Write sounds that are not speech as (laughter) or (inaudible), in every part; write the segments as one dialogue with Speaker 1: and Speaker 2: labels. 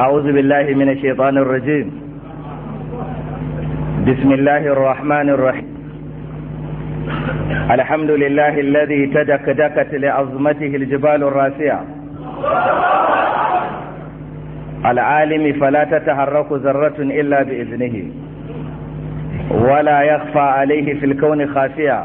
Speaker 1: أعوذ بالله من الشيطان الرجيم بسم الله الرحمن الرحيم الحمد لله الذي تدك دكت لعظمته الجبال الراسعة العالم فلا تتحرك ذرة إلا بإذنه ولا يخفى عليه في الكون خافية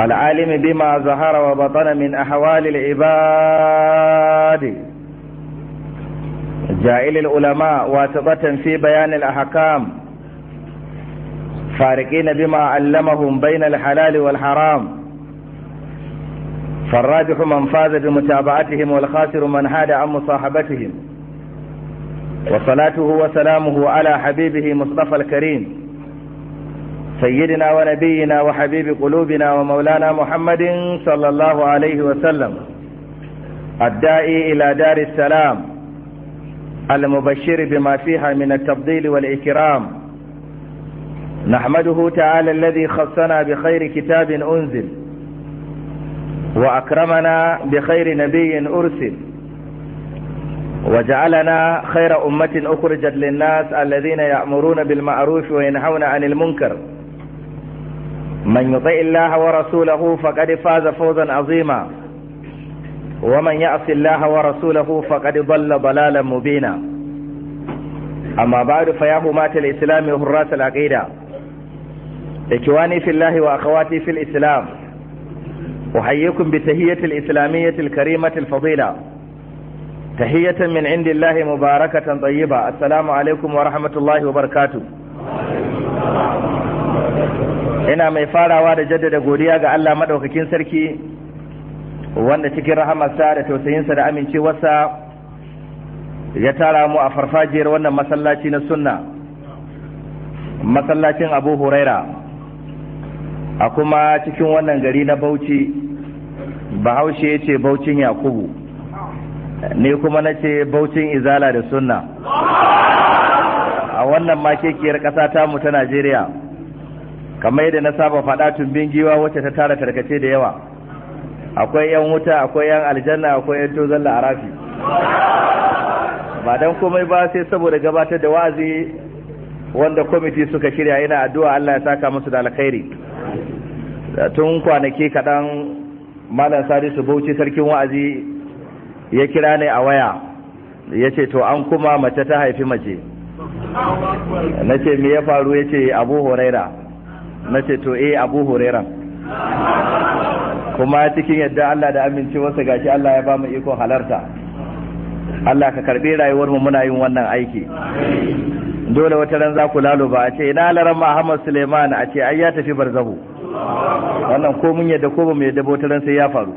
Speaker 1: العالم بما ظهر وبطن من أحوال العباد جائل العلماء واثقة في بيان الأحكام فارقين بما علمهم بين الحلال والحرام فالراجح من فاز بمتابعتهم والخاسر من حاد عن مصاحبتهم وصلاته وسلامه على حبيبه مصطفى الكريم سيدنا ونبينا وحبيب قلوبنا ومولانا محمد صلى الله عليه وسلم الداعي إلى دار السلام المبشر بما فيها من التفضيل والإكرام نحمده تعالى الذي خصنا بخير كتاب أنزل وأكرمنا بخير نبي أرسل وجعلنا خير أمة أخرجت للناس الذين يأمرون بالمعروف وينهون عن المنكر من يطع الله ورسوله فقد فاز فوزا عظيما ومن يعص الله ورسوله فقد ضل ضلالا مبينا أما بعد فيا همات الإسلام وحراس العقيدة إخواني في الله وأخواتي في الإسلام أحييكم بتهية الإسلامية الكريمة الفضيلة تحية من عند الله مباركة طيبة السلام عليكم ورحمة الله وبركاته ina mai farawa da jaddada godiya ga Allah madaukakin sarki wanda cikin rahamarsa da tausayinsa da amincewarsa ya tara mu a farfajiyar wannan masallaci na sunna masallacin abu huraira a kuma cikin wannan gari na bauchi bahaushe ya ce baucin yakubu ne kuma na ce baucin izala da sunna a wannan makekiyar ƙasa mu ta najeriya kamar yadda na saba faɗa tumbin giwa wacce ta tara tarkace da yawa akwai yan wuta akwai yan aljanna akwai yan tozon la'arafi ba don komai ba sai saboda gabatar da wa'azi wanda kwamiti suka shirya yana addu'a Allah ya saka musu da alkhairi tun kwanaki kaɗan malam sadisu bauchi sarkin wa'azi ya kira ne a waya yace to an kuma mace ta haifi mace Nace ce me ya faru ya abu horaira na ce to eh abu hurairan kuma cikin yadda Allah da amincewarsa gashi Allah ya ba mu iko halarta Allah ka karbe rayuwar mu muna yin wannan aiki dole wata ran za ku ba a ce ina laran Muhammad Suleiman a ce ai ya tafi barzahu wannan ko mun yadda ko ba mu yadda wata ran sai ya faru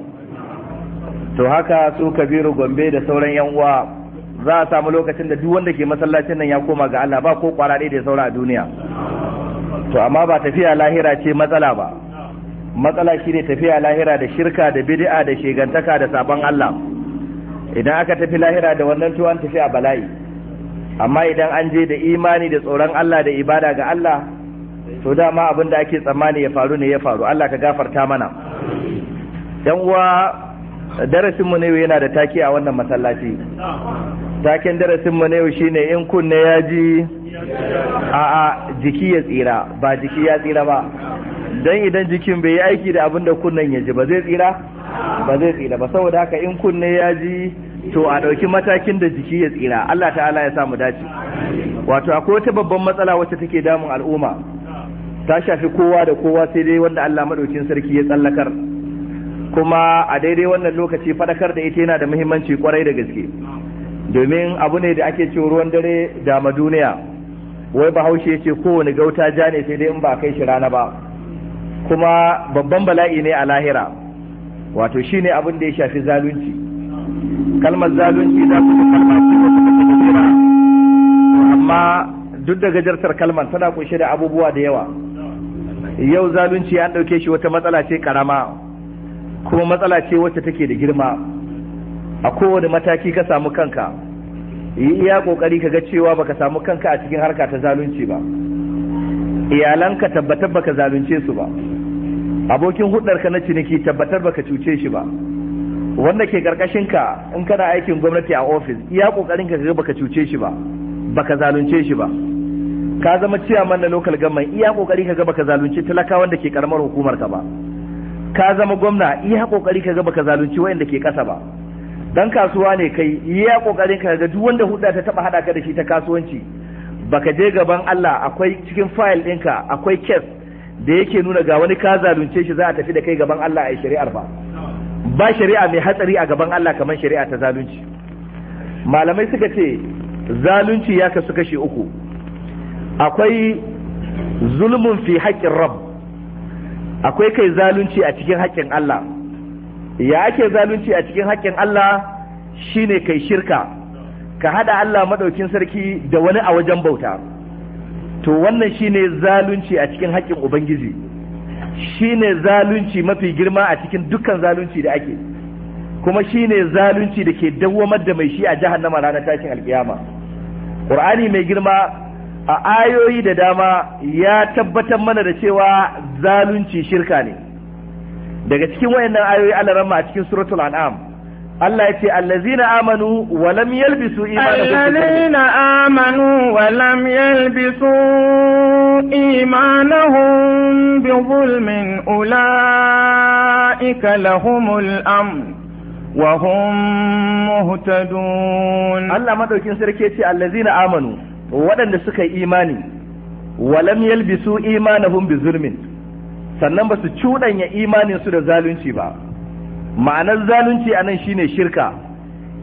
Speaker 1: to haka su Kabiru Gombe da sauran yan uwa za a samu lokacin da duk wanda ke masallacin nan ya koma ga Allah ba ko kwarare da ya saura a duniya to amma ba tafiya lahira ce matsala ba matsala shine tafiya lahira da shirka da bid'a da shegantaka da sabon Allah idan aka tafi lahira da wannan tuwan tafi a bala'i amma idan an je da imani da tsoron Allah da ibada ga Allah to dama abin da ake tsammani ya faru ne ya faru Allah ka gafarta mana Dan uwa darasin mu ne yana da taki a wannan masallaci taken darasin mu ne shine in kunne ya ji a'a jiki ya tsira ba jiki ya tsira ba dan idan jikin bai yi aiki da abin da kunnen ya ji ba zai tsira ba zai tsira ba saboda haka in kunne ya ji to a ɗauki matakin da jiki ya tsira Allah ta'ala ya samu dace wato akwai wata babban matsala wacce take damun al'umma ta shafi kowa da kowa sai dai wanda Allah madaukin sarki ya tsallakar kuma a daidai wannan lokaci fadakar da ita yana da muhimmanci kwarai da gaske domin abu ne da ake cewa ruwan dare da ma duniya wai bahaushe ya ce kowane gauta ja ne sai dai in ba kai shi rana ba kuma babban bala'i ne a lahira wato shi ne abin da ya shafi zalunci kalmar zalunci da kuma kalmar amma duk da gajartar kalmar tana kunshe da abubuwa da yawa yau zalunci an ɗauke shi wata matsala ce karama kuma matsala ce wacce take da girma a kowane mataki ka samu kanka yi iya kokari kaga cewa baka samu kanka a cikin harka ta zalunci ba iyalanka tabbatar baka zalunce su ba abokin hudarka na ciniki tabbatar baka cuce shi ba wanda ke karkashin ka in kana aikin gwamnati a ofis iya kokarin ka baka cuce shi ba baka zalunce shi ba ka zama ciyaman na local government iya kokari ka baka zalunce talakawan da ke karamar hukumar ka ba ka zama gwamna iya kokari ka baka zalunci wanda ke kasa ba dan kasuwa ne kai iya kokarin ka ga duk wanda hudda ta taba hada ka da shi ta kasuwanci baka je gaban Allah akwai cikin file ɗinka akwai case da yake nuna ga wani ka zalunce shi za a tafi da kai gaban Allah a shari'ar ba ba shari'a mai hatsari a gaban Allah kamar shari'a ta zalunci malamai suka ce zalunci ya kasu kashi uku akwai zulmun fi haƙƙin rab akwai kai zalunci a cikin haƙƙin Allah ya ake zalunci a cikin haƙƙin Allah shine kai shirka ka hada Allah madaukin sarki da wani a wajen bauta to wannan shine zalunci a cikin haƙƙin ubangiji shine zalunci mafi girma a cikin dukkan zalunci da ake kuma shine zalunci da ke dawwamar da mai shi a jahannama ranar tashin alƙiyama. qur'ani mai girma a ayoyi da dama ya tabbatar mana da cewa zalunci shirka ne daga cikin wayannan ayoyi Allah ramma a cikin suratul an'am Allah ya ce allazina
Speaker 2: amanu wa lam yalbisu imanahum allazina amanu wa lam yalbisu imanahum bi zulmin ulaika lahumul am wa hum
Speaker 1: muhtadun Allah madaukin sarki ya ce allazina amanu waɗanda suka yi imani wa lam yalbisu imanahum bi zulmin sannan ba su cuɗanya imaninsu da zalunci ba ma'anar zalunci a nan shine shirka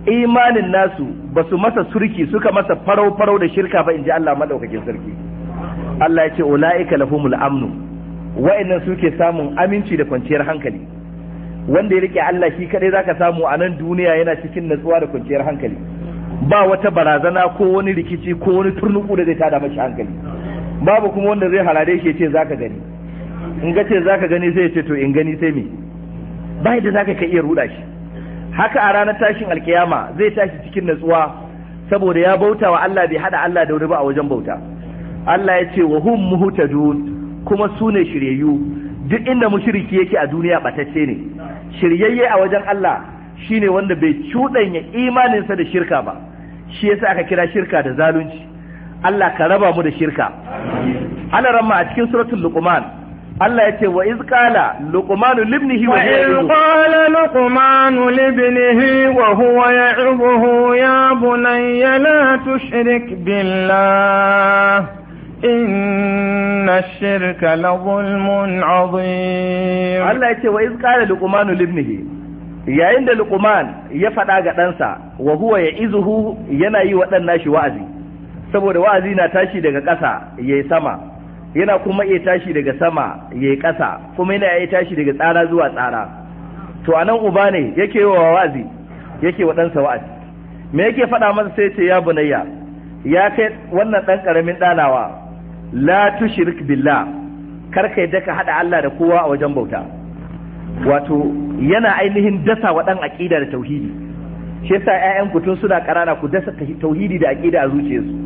Speaker 1: imanin nasu ba su masa surki suka masa farau-farau da shirka ba in ji Allah maɗaukakin sarki Allah ya ce ula'ika lahumul amnu wa'annan suke samun aminci da kwanciyar hankali wanda ya rike Allah shi kadai zaka samu a nan duniya yana cikin natsuwa da kwanciyar hankali ba wata barazana ko wani rikici ko wani turnuku da zai tada mashi hankali babu kuma wanda zai halare shi ce zaka gani in ga ce za ka gani sai ce to in gani sai me ba yadda za ka iya ruda shi haka a ranar tashin alkiyama zai tashi cikin natsuwa saboda ya bauta wa Allah bai hada Allah da wani ba a wajen bauta Allah ya ce wa hum muhtadun kuma su ne shiryayyu duk inda mushriki yake a duniya batacce ne shiryayye a wajen Allah shine wanda bai cuɗanya imaninsa da shirka ba shi yasa aka kira shirka da zalunci Allah ka raba mu da shirka ana ramma a cikin suratul luqman Allah ya ce wa iz qala luqmanu
Speaker 2: libnihi wa ya'idhu qala luqmanu libnihi wa huwa ya'idhu ya bunayya la tushrik billah inna ash-shirka la dhulmun 'adhim
Speaker 1: Allah ya ce wa iz qala luqmanu libnihi yayin da luqman ya faɗa ga ɗansa wa huwa ya'idhu yana yi wa ɗan nashi wa'azi saboda wa'azi na tashi daga ƙasa yayi sama yana kuma iya tashi daga sama ya yi ƙasa kuma yana iya tashi daga tsara zuwa tsara to anan uba ne yake wa wa'azi yake wa ɗansa wa'azi me yake faɗa masa sai ce ya bunayya ya kai wannan ɗan ƙaramin ɗanawa la tushrik billah kar kai daka haɗa Allah da kowa a wajen bauta wato yana ainihin dasa wa ɗan aƙida da tauhidi shi yasa ƴaƴan ku tun suna ƙarana ku dasa tauhidi da aƙida a zuciyarsu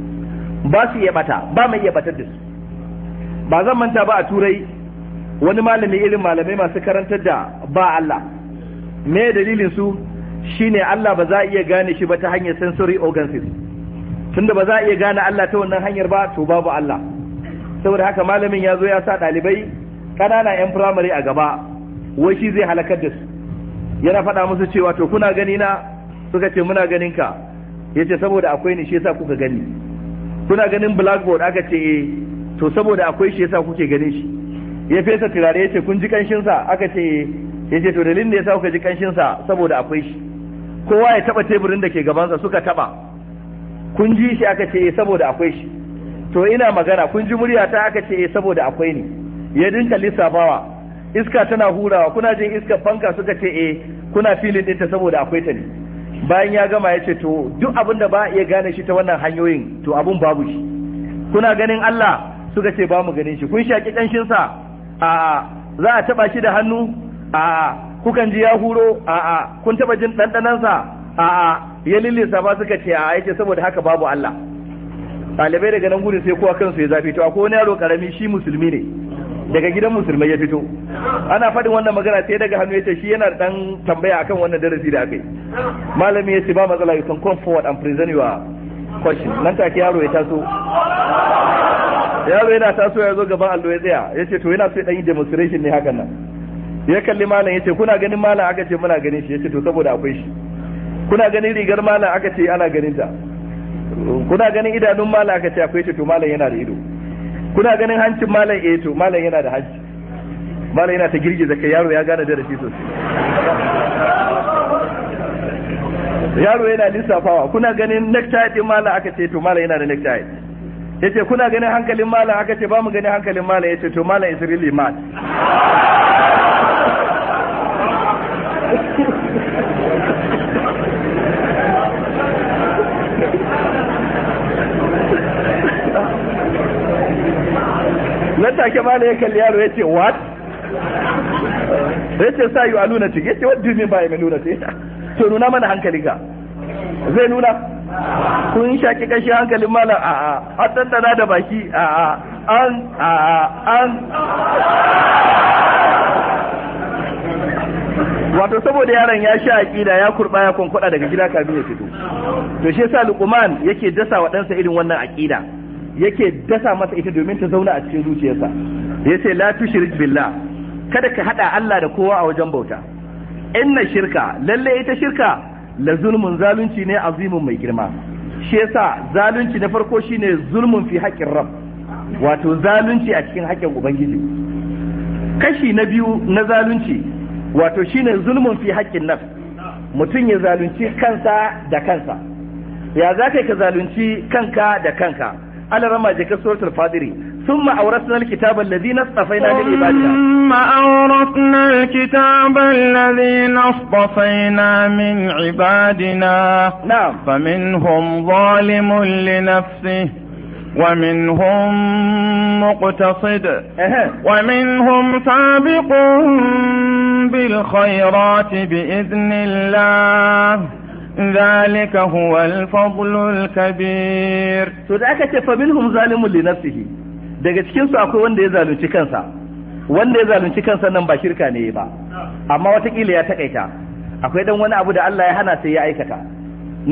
Speaker 1: ba su iya bata ba mai iya batar da su ba zan manta ba a turai wani malami irin malamai masu karantar da ba Allah me dalilin su shine Allah ba za a iya gane shi ba ta hanyar sensory organs tunda ba za a iya gane Allah ta wannan hanyar ba to babu Allah saboda haka malamin ya zo ya sa ɗalibai ƙanana 'yan firamare a gaba wai shi zai halakar da su yana faɗa musu cewa to kuna gani na suka ce muna ganin ka yace saboda akwai ni shi yasa kuka gani kuna ganin blackboard aka ce eh to saboda akwai shi yasa kuke ganin shi ya fesa turare ya ce kun ji kanshin sa aka ce ya ce to dalilin da yasa kuka ji kanshin sa saboda akwai shi kowa ya taba teburin da ke gabansa suka taba kun ji shi aka ce eh, saboda akwai shi to ina magana kun ji murya ta aka ce eh, saboda akwai ni ya dinka lissafawa iska tana hurawa kuna jin iskar fanka suka ce eh kuna filin ɗinta saboda akwai ta ne bayan ya gama ya ce to duk abin da ba iya gane shi ta wannan hanyoyin to abun babu shi kuna ganin Allah suka ce ba mu ganin shi kun shaki kanshin sa a za a taba shi da hannu a kukan ji ya huro a kun taba jin dandanan sa a ya lillisa ba suka ce a yake saboda haka babu Allah ɗalibai daga nan gudun sai kowa kansu ya zafi to akwai wani yaro karami shi musulmi ne daga gidan musulmai ya fito ana faɗin wannan magana sai daga hannu ya shi yana dan tambaya akan wannan darasi da aka yi malami ya ce ba matsala you can come forward and present your question nan take yaro ya taso yaro yana taso ya zo gaban allo ya tsaya ya ce to yana so ya yi demonstration ne hakan nan ya kalli malam ya ce kuna ganin malam aka ce muna ganin shi ya ce to saboda akwai shi kuna ganin rigar malam aka ce ana ganin ta kuna ganin idanun malam aka ce akwai shi to malam yana da ido kuna ganin hancin malam eh to malam yana da hanci malam yana ta girgiza kai yaro ya gane darasi sosai yaro yana lissafawa kuna ganin necktie din mallam aka ce to mallam yana da necktie yace kuna ganin hankalin mallam aka ce ba mu ganin hankalin mallam yace to mallam is really mad nan take mala ya kalli yaro yace what yace sa yu alunatic yace what do you mean by alunatic to nuna mana hankali ka zai nuna kun shaki kashi hankalin malam a a har dandana da baki a a an a a an wato saboda yaron ya sha aqida ya kurba ya kunkuɗa daga gida kafin ya fito to shi yasa luqman yake dasa wa ɗansa irin wannan aqida yake dasa masa ita domin ta zauna a cikin zuciyarsa yace la tushrik billah kada ka hada Allah da kowa a wajen bauta inna shirka lalle ita shirka la zulmun zalunci ne azimin mai girma shi yasa zalunci na farko shine zulmun fi haƙƙin rab wato zalunci a cikin haƙƙin ubangiji kashi na biyu na zalunci wato shine zulmun fi haƙƙin naf mutum ya zalunci kansa da kansa ya za ka zalunci kanka da kanka alarama je ka suratul fadiri
Speaker 2: ثم أورثنا
Speaker 1: الكتاب الذين اصطفينا من عبادنا
Speaker 2: ثم أورثنا الكتاب الذين اصطفينا من عبادنا نعم فمنهم ظالم لنفسه ومنهم مقتصد ومنهم سابق بالخيرات بإذن الله ذلك هو الفضل الكبير تدعك فمنهم ظالم لنفسه
Speaker 1: daga cikin su akwai wanda ya zalunci kansa wanda ya zalunci kansa nan ba shirka ne ba amma watakila ya takaita akwai dan wani abu da Allah ya hana sai ya aikata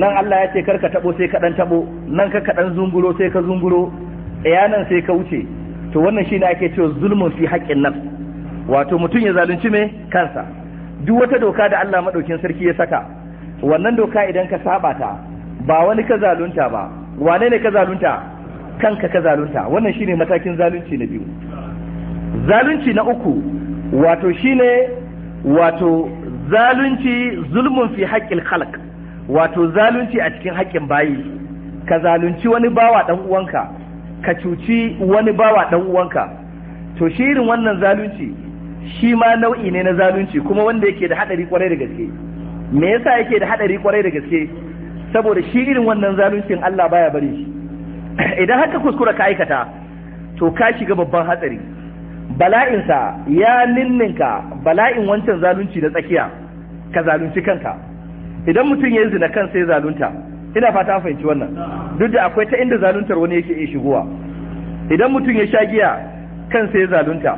Speaker 1: nan Allah ya ce kar ka tabo sai ka dan tabo nan ka dan zunguro sai ka zunguro iyanan sai ka wuce to wannan shine ake cewa zulmun fi haqqin nafs wato mutum ya zalunci me kansa duk wata doka da Allah madaukin sarki ya saka wannan doka idan ka saba ta ba wani ka zalunta ba wane ne ka zalunta kanka ka zalunta wannan shine matakin zalunci na biyu zalunci na uku wato shine wato zalunci zulmun fi haƙƙin khalq wato zalunci a cikin haƙƙin bayi ka zalunci wani bawa dan uwanka ka cuci wani bawa dan uwanka to shi irin wannan zalunci shi ma nau'i ne na zalunci kuma wanda yake da hadari kwarai da gaske me yasa yake da hadari kwarai da gaske saboda shi irin wannan zaluncin Allah baya bari shi (coughs) idan haka kuskura ka aikata to ka shiga babban hatsari bala'insa ya ninninka bala'in wancan zalunci na tsakiya ka zalunci kanka idan mutum ya zina kan sai zalunta ina fata fahimci wannan duk da akwai ta inda zaluntar wani yake iya shigowa idan mutum ya sha giya kan sai zalunta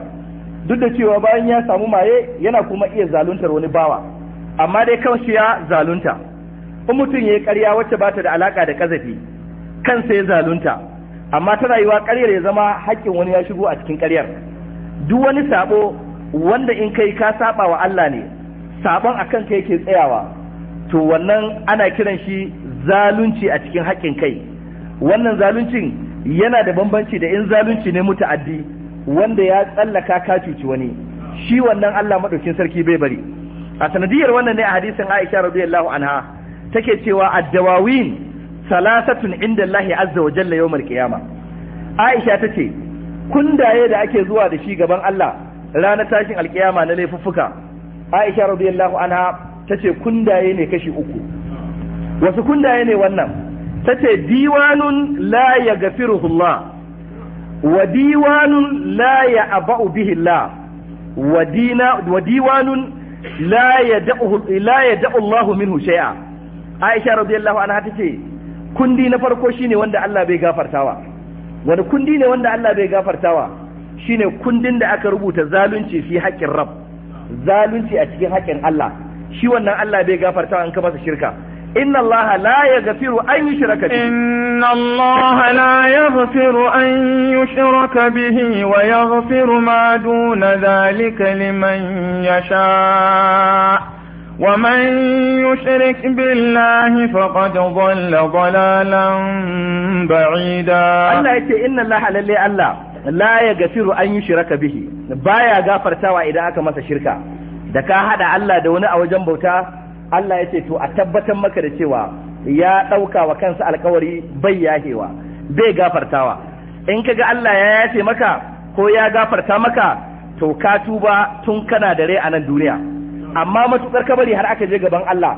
Speaker 1: duk da cewa bayan ya samu maye yana kuma iya zaluntar wani bawa amma dai shi ya zalunta in mutum ya yi ƙarya wacce ba ta da alaka da kazafi kansa ya zalunta amma ta rayuwa ƙaryar ya zama haƙƙin wani ya shigo a cikin ƙaryar duk wani sabo wanda in kai ka saba wa Allah ne sabon akan kai yake tsayawa to wannan ana kiran shi zalunci a cikin haƙƙin kai wannan zaluncin yana da bambanci da in zalunci ne muta'addi wanda ya tsallaka ka cuci wani shi wannan Allah madaukin sarki bai bari a sanadiyar wannan ne a hadisin Aisha radiyallahu anha take cewa ad-dawawin salasatun inda Allah azza wa jalla yawmal qiyama Aisha ta ce kundaye da ake zuwa da shi gaban Allah ranar tashin alkiyama na laifuffuka Aisha radiyallahu anha ta ce kundaye ne kashi uku wasu kundaye ne wannan ta tace diwanun la ya yaghfiruhullah wa diwanun la ya'ba'u bihi Allah wa dina wa diwanun la ya la yad'u Allah minhu shay'a Aisha radiyallahu anha ta ce. kundi na farko shine wanda Allah bai gafartawa wani kundi ne wanda Allah bai gafartawa shine kundin da aka rubuta zalunci fi haƙƙin rab zalunci a cikin haƙƙin Allah shi wannan Allah bai gafartawa an kama masa shirka إن الله لا
Speaker 2: يغفر أن يشرك به إن الله لا يغفر أن يشرك به ويغفر ما دون ذلك لمن يشاء ومن يشرك بالله فقد ضل ضلالا بعيدا الله
Speaker 1: يتي إن الله للي الله لا يغفر أن يشرك به بايا غافر تاوى إذا أكا مسا شركا دكا هذا الله دون أو جنبه Allah ya ce, To, a tabbatar maka da cewa ya ɗauka wa kansa alkawari bai yahewa, bai gafartawa. In ka ga Allah ya yace maka ko ya gafarta maka, to, ka tuba tun kana da rai a nan duniya. amma matukar ka bari har aka je gaban Allah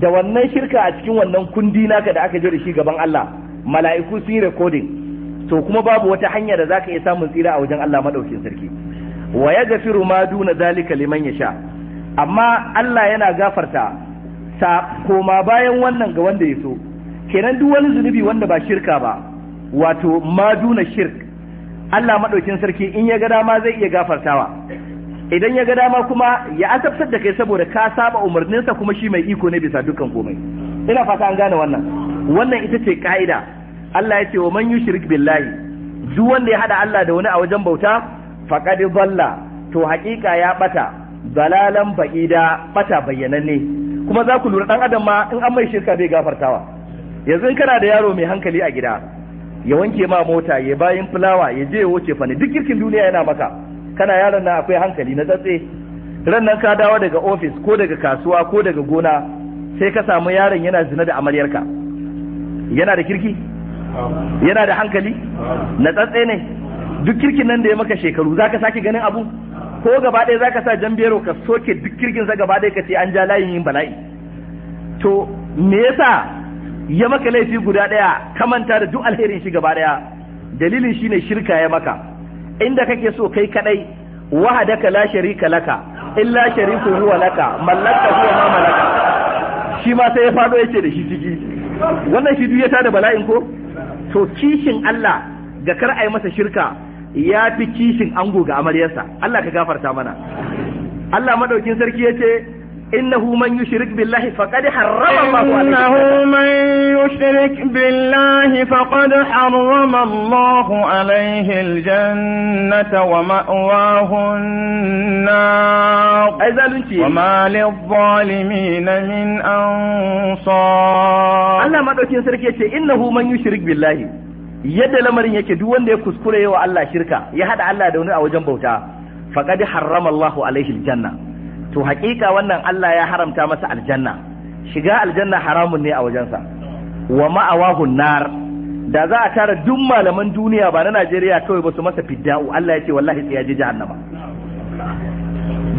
Speaker 1: da wannan shirka a cikin wannan kundi naka da aka je da shi gaban Allah mala'iku sun yi recording to kuma babu wata hanya da zaka iya samun tsira a wajen Allah madaukin sarki wa yaghfiru ma duna zalika liman yasha amma Allah yana gafarta ta koma bayan wannan ga wanda ya so kenan duk wani zunubi wanda ba shirka ba wato ma duna shirk Allah madaukin sarki in ya ga dama zai iya gafartawa idan ya ga dama kuma ya asabtar da kai saboda ka saba umarninsa kuma shi mai iko ne bisa dukkan komai ina fata an gane wannan wannan ita ce ka'ida Allah ya ce wa man yushrik billahi duk wanda ya hada Allah da wani a wajen bauta faqad dhalla to haƙiƙa ya bata dalalan ba'ida bata bayyananne kuma za ku lura dan adam ma in an mai shirka bai gafartawa yanzu in kana da yaro mai hankali a gida ya wanke ma mota ya bayin fulawa ya je ya wuce fani duk kirkin duniya yana maka kana yaron nan akwai hankali na tsatse ran nan ka dawo daga ofis ko daga kasuwa ko daga gona sai ka samu yaron yana zina da amaryarka yana da kirki yana da hankali na tsatse ne duk kirkin nan da ya maka shekaru zaka sake ganin abu ko gaba ɗaya zaka sa jan jambero ka soke duk kirkin sa gaba ɗaya ka ce an ja layin yin bala'i to me yasa ya maka laifi guda ɗaya ka manta da duk alherin shi gaba ɗaya dalilin shine shirka ya maka inda kake so kai kadai wahadaka la sharika laka illa shariku huwa laka mallaka huwa ma malaka shi ma sai ya fado yace da shi ciki wannan shi duk ya tada bala'in ko to kishin Allah ga kar ai masa shirka ya fi kishin ango ga amaryarsa Allah ka gafarta mana Allah madaukin sarki yace إنه من يشرك بالله فقد حرم الله عليه إنه
Speaker 2: من يشرك بالله فقد حرم الله عليه الجنة ومأواه النار وما للظالمين من أنصار
Speaker 1: الله ما دوكين سركي إنه من يشرك بالله yadda lamarin yake duk wanda ya kuskure wa Allah shirka ya hada Allah da wani a wajen bauta faqad harrama Allahu alaihi aljanna to haƙiƙa wannan Allah ya haramta masa aljanna shiga aljanna haramun ne a wajensa wa ma'awahun nar da za a tara duk malaman duniya ba na Najeriya kawai ba su masa fidda'u Allah ya ce wallahi sai ya je jahannama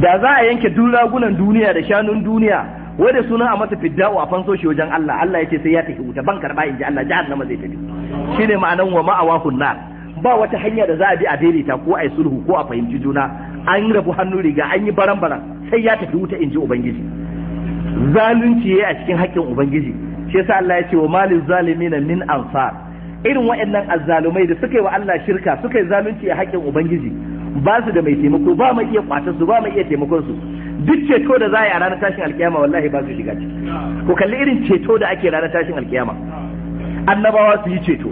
Speaker 1: da za a yanke duk ragunan duniya da shanun duniya wai da suna a masa fidda'u a fanso shi wajen Allah Allah ya ce sai ya tafi wuta ban karba in ji Allah jahannama zai tafi shine ma'anan wa ma'awahun nar ba wata hanya da za a bi a daidaita ko a yi sulhu ko a fahimci juna an rabu hannu riga an yi baran-baran sai ya tafi wuta in ji ubangiji zalunci yayi a cikin haƙƙin ubangiji shi yasa Allah ya ce wa malil na min ansar irin waɗannan azzalumai da suka yi wa Allah shirka suka yi zalunci a haƙƙin ubangiji ba su da mai taimako ba mai iya kwatar su ba mai iya taimakon su duk ceto da za a yi a ranar tashin alkiyama wallahi ba su shiga ciki ko kalli irin ceto da ake ranar tashin alkiyama annabawa su yi ceto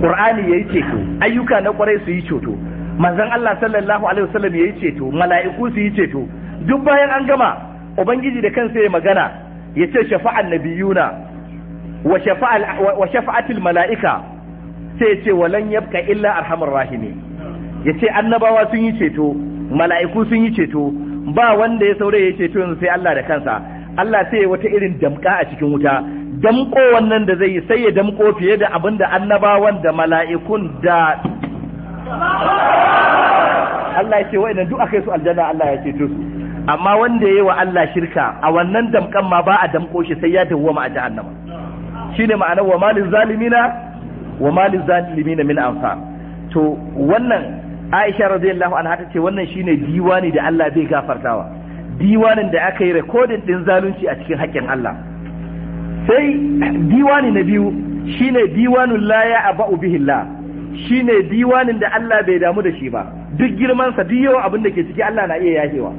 Speaker 1: qur'ani yayi ceto ayyuka na kwarai su yi ceto manzon Allah sallallahu alaihi wasallam yayi ceto mala'iku su yi ceto duk bayan an gama ubangiji da kansa ya magana ya ce shafa'an nabiyuna wa shafa'atul mala'ika sai ya ce walan yabka illa arhamar rahimi ya ce annabawa sun yi ceto mala'iku sun yi ceto ba wanda ya saurayi ya ceto yanzu sai Allah da kansa Allah sai ya wata irin damka a cikin wuta damko wannan da zai yi sai ya damko fiye da abin da annabawan da mala'ikun da Allah ya ce wa'annan duk akai su aljanna Allah ya ceto su amma wanda ya yi wa Allah shirka a wannan damkan ma ba a damko shi sai ya ma a jahannama shine ma'ana wa malil zalimina wa malil zalimina min anfa to wannan Aisha radiyallahu anha ta ce wannan shine diwani da Allah bai gafartawa diwanin da aka yi recording din zalunci a cikin haƙƙin Allah sai diwani na biyu shine diwanul la ya aba'u bihillah shine diwanin da Allah bai damu da shi ba duk girman sa duk yawan abin da ke ciki Allah na iya yahewa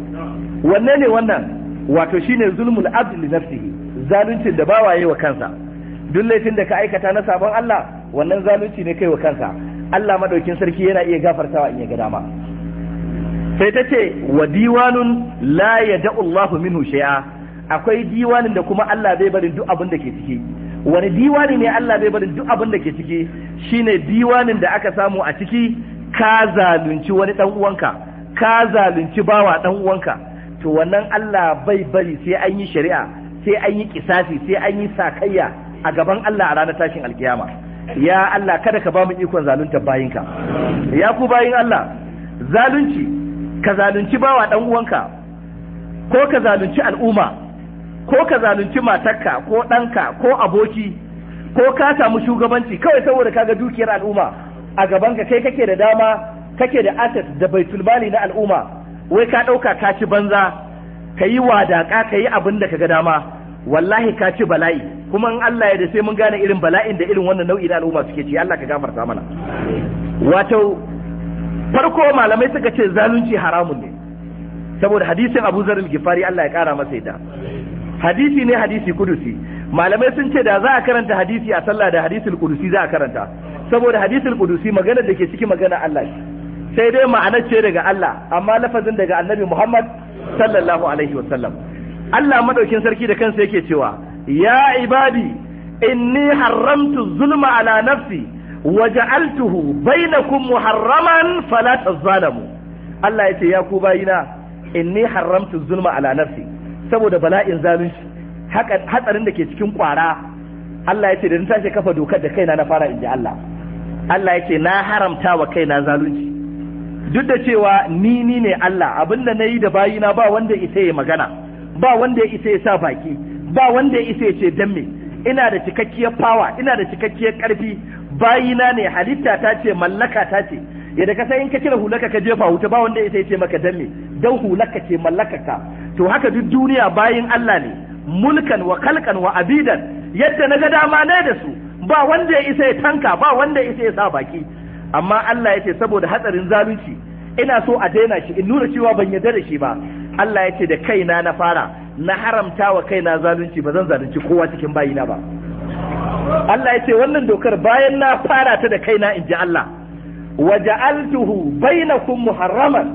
Speaker 1: wanne ne wannan wato shine zulmul abdi li nafsihi zaluncin da bawa yayi wa kansa duk laifin da ka aikata na sabon Allah wannan zalunci ne kai wa kansa Allah madaukin sarki yana iya gafartawa in ya ga dama sai ta ce wa diwanun la yada'u Allah minhu shay'a akwai diwanin da kuma Allah zai barin duk abin da ke ciki wani diwani ne Allah zai barin duk abin da ke ciki shine diwanin da aka samu a ciki ka zalunci wani dan uwanka ka zalunci bawa dan uwanka to wannan Allah bai bari sai an yi shari'a sai an yi kisasi sai an yi sakayya a gaban Allah a ranar tashin alkiyama ya Allah kada ka ba mu ikon zalunta bayinka ya ku bayin Allah zalunci ka zalunci bawa dan uwanka ko ka zalunci al'umma ko ka zalunci matarka ko ɗanka ko aboki ko ka samu shugabanci kawai saboda kaga dukiyar al'umma a gaban ka kai kake da dama kake da asset da baitul mali na al'umma wai ka ɗauka ka ci banza ka yi wadaƙa ka yi abin da ka ga dama wallahi ka ci bala'i kuma in Allah ya da sai mun gane irin bala'in da irin wannan nau'i na al'umma suke ci Allah ka gafarta mana wato farko malamai suka ce zalunci haramun ne saboda hadisin Abu Zarul gifari Allah ya kara masa yadda hadisi ne hadisi kudusi malamai sun ce da za a karanta hadisi a sallah da hadisul kudusi za a karanta saboda hadisul kudusi magana da ke cikin magana Allah sai dai ma'anar ce daga Allah amma lafazin daga annabi Muhammad sallallahu alaihi wasallam Allah madaukin sarki da kansa yake cewa ya ibadi inni haramtu zulma ala nafsi wa ja'altuhu bainakum muharraman fala tazalamu Allah yace ya ku bayina inni haramtu zulma ala nafsi saboda bala'in zalunci hatsarin da ke cikin kwara Allah yace da ni tashi kafa dokar da kaina na fara inji Allah Allah yace na haramta wa kaina zalunci duk da cewa ni ni ne Allah abinda na yi da bayina ba wanda isa ya magana ba wanda ya isa ya sa baki ba wanda ya isa ya ce dan ina da cikakkiyar fawa ina da cikakkiyar karfi bayina ne halitta ta ce mallaka ta ce yadda ka sai in ka kira hulaka ka jefa wuta ba wanda ya ce maka dan me dan hulaka ce mallaka ka to haka duk duniya bayin Allah ne mulkan wa kalkan wa abidan yadda na ga dama ne da su ba wanda ya isa ya tanka ba wanda ya isa ya sa baki amma Allah ya ce saboda hatsarin zalunci ina so a daina shi in nuna cewa ban yarda da shi ba Allah ya ce da kaina na fara na haramta wa kaina zalunci ba zan zalunci kowa cikin bayina ba Allah ya ce wannan dokar bayan na fara ta da kaina in ji Allah wa ja'altuhu bainakum muharraman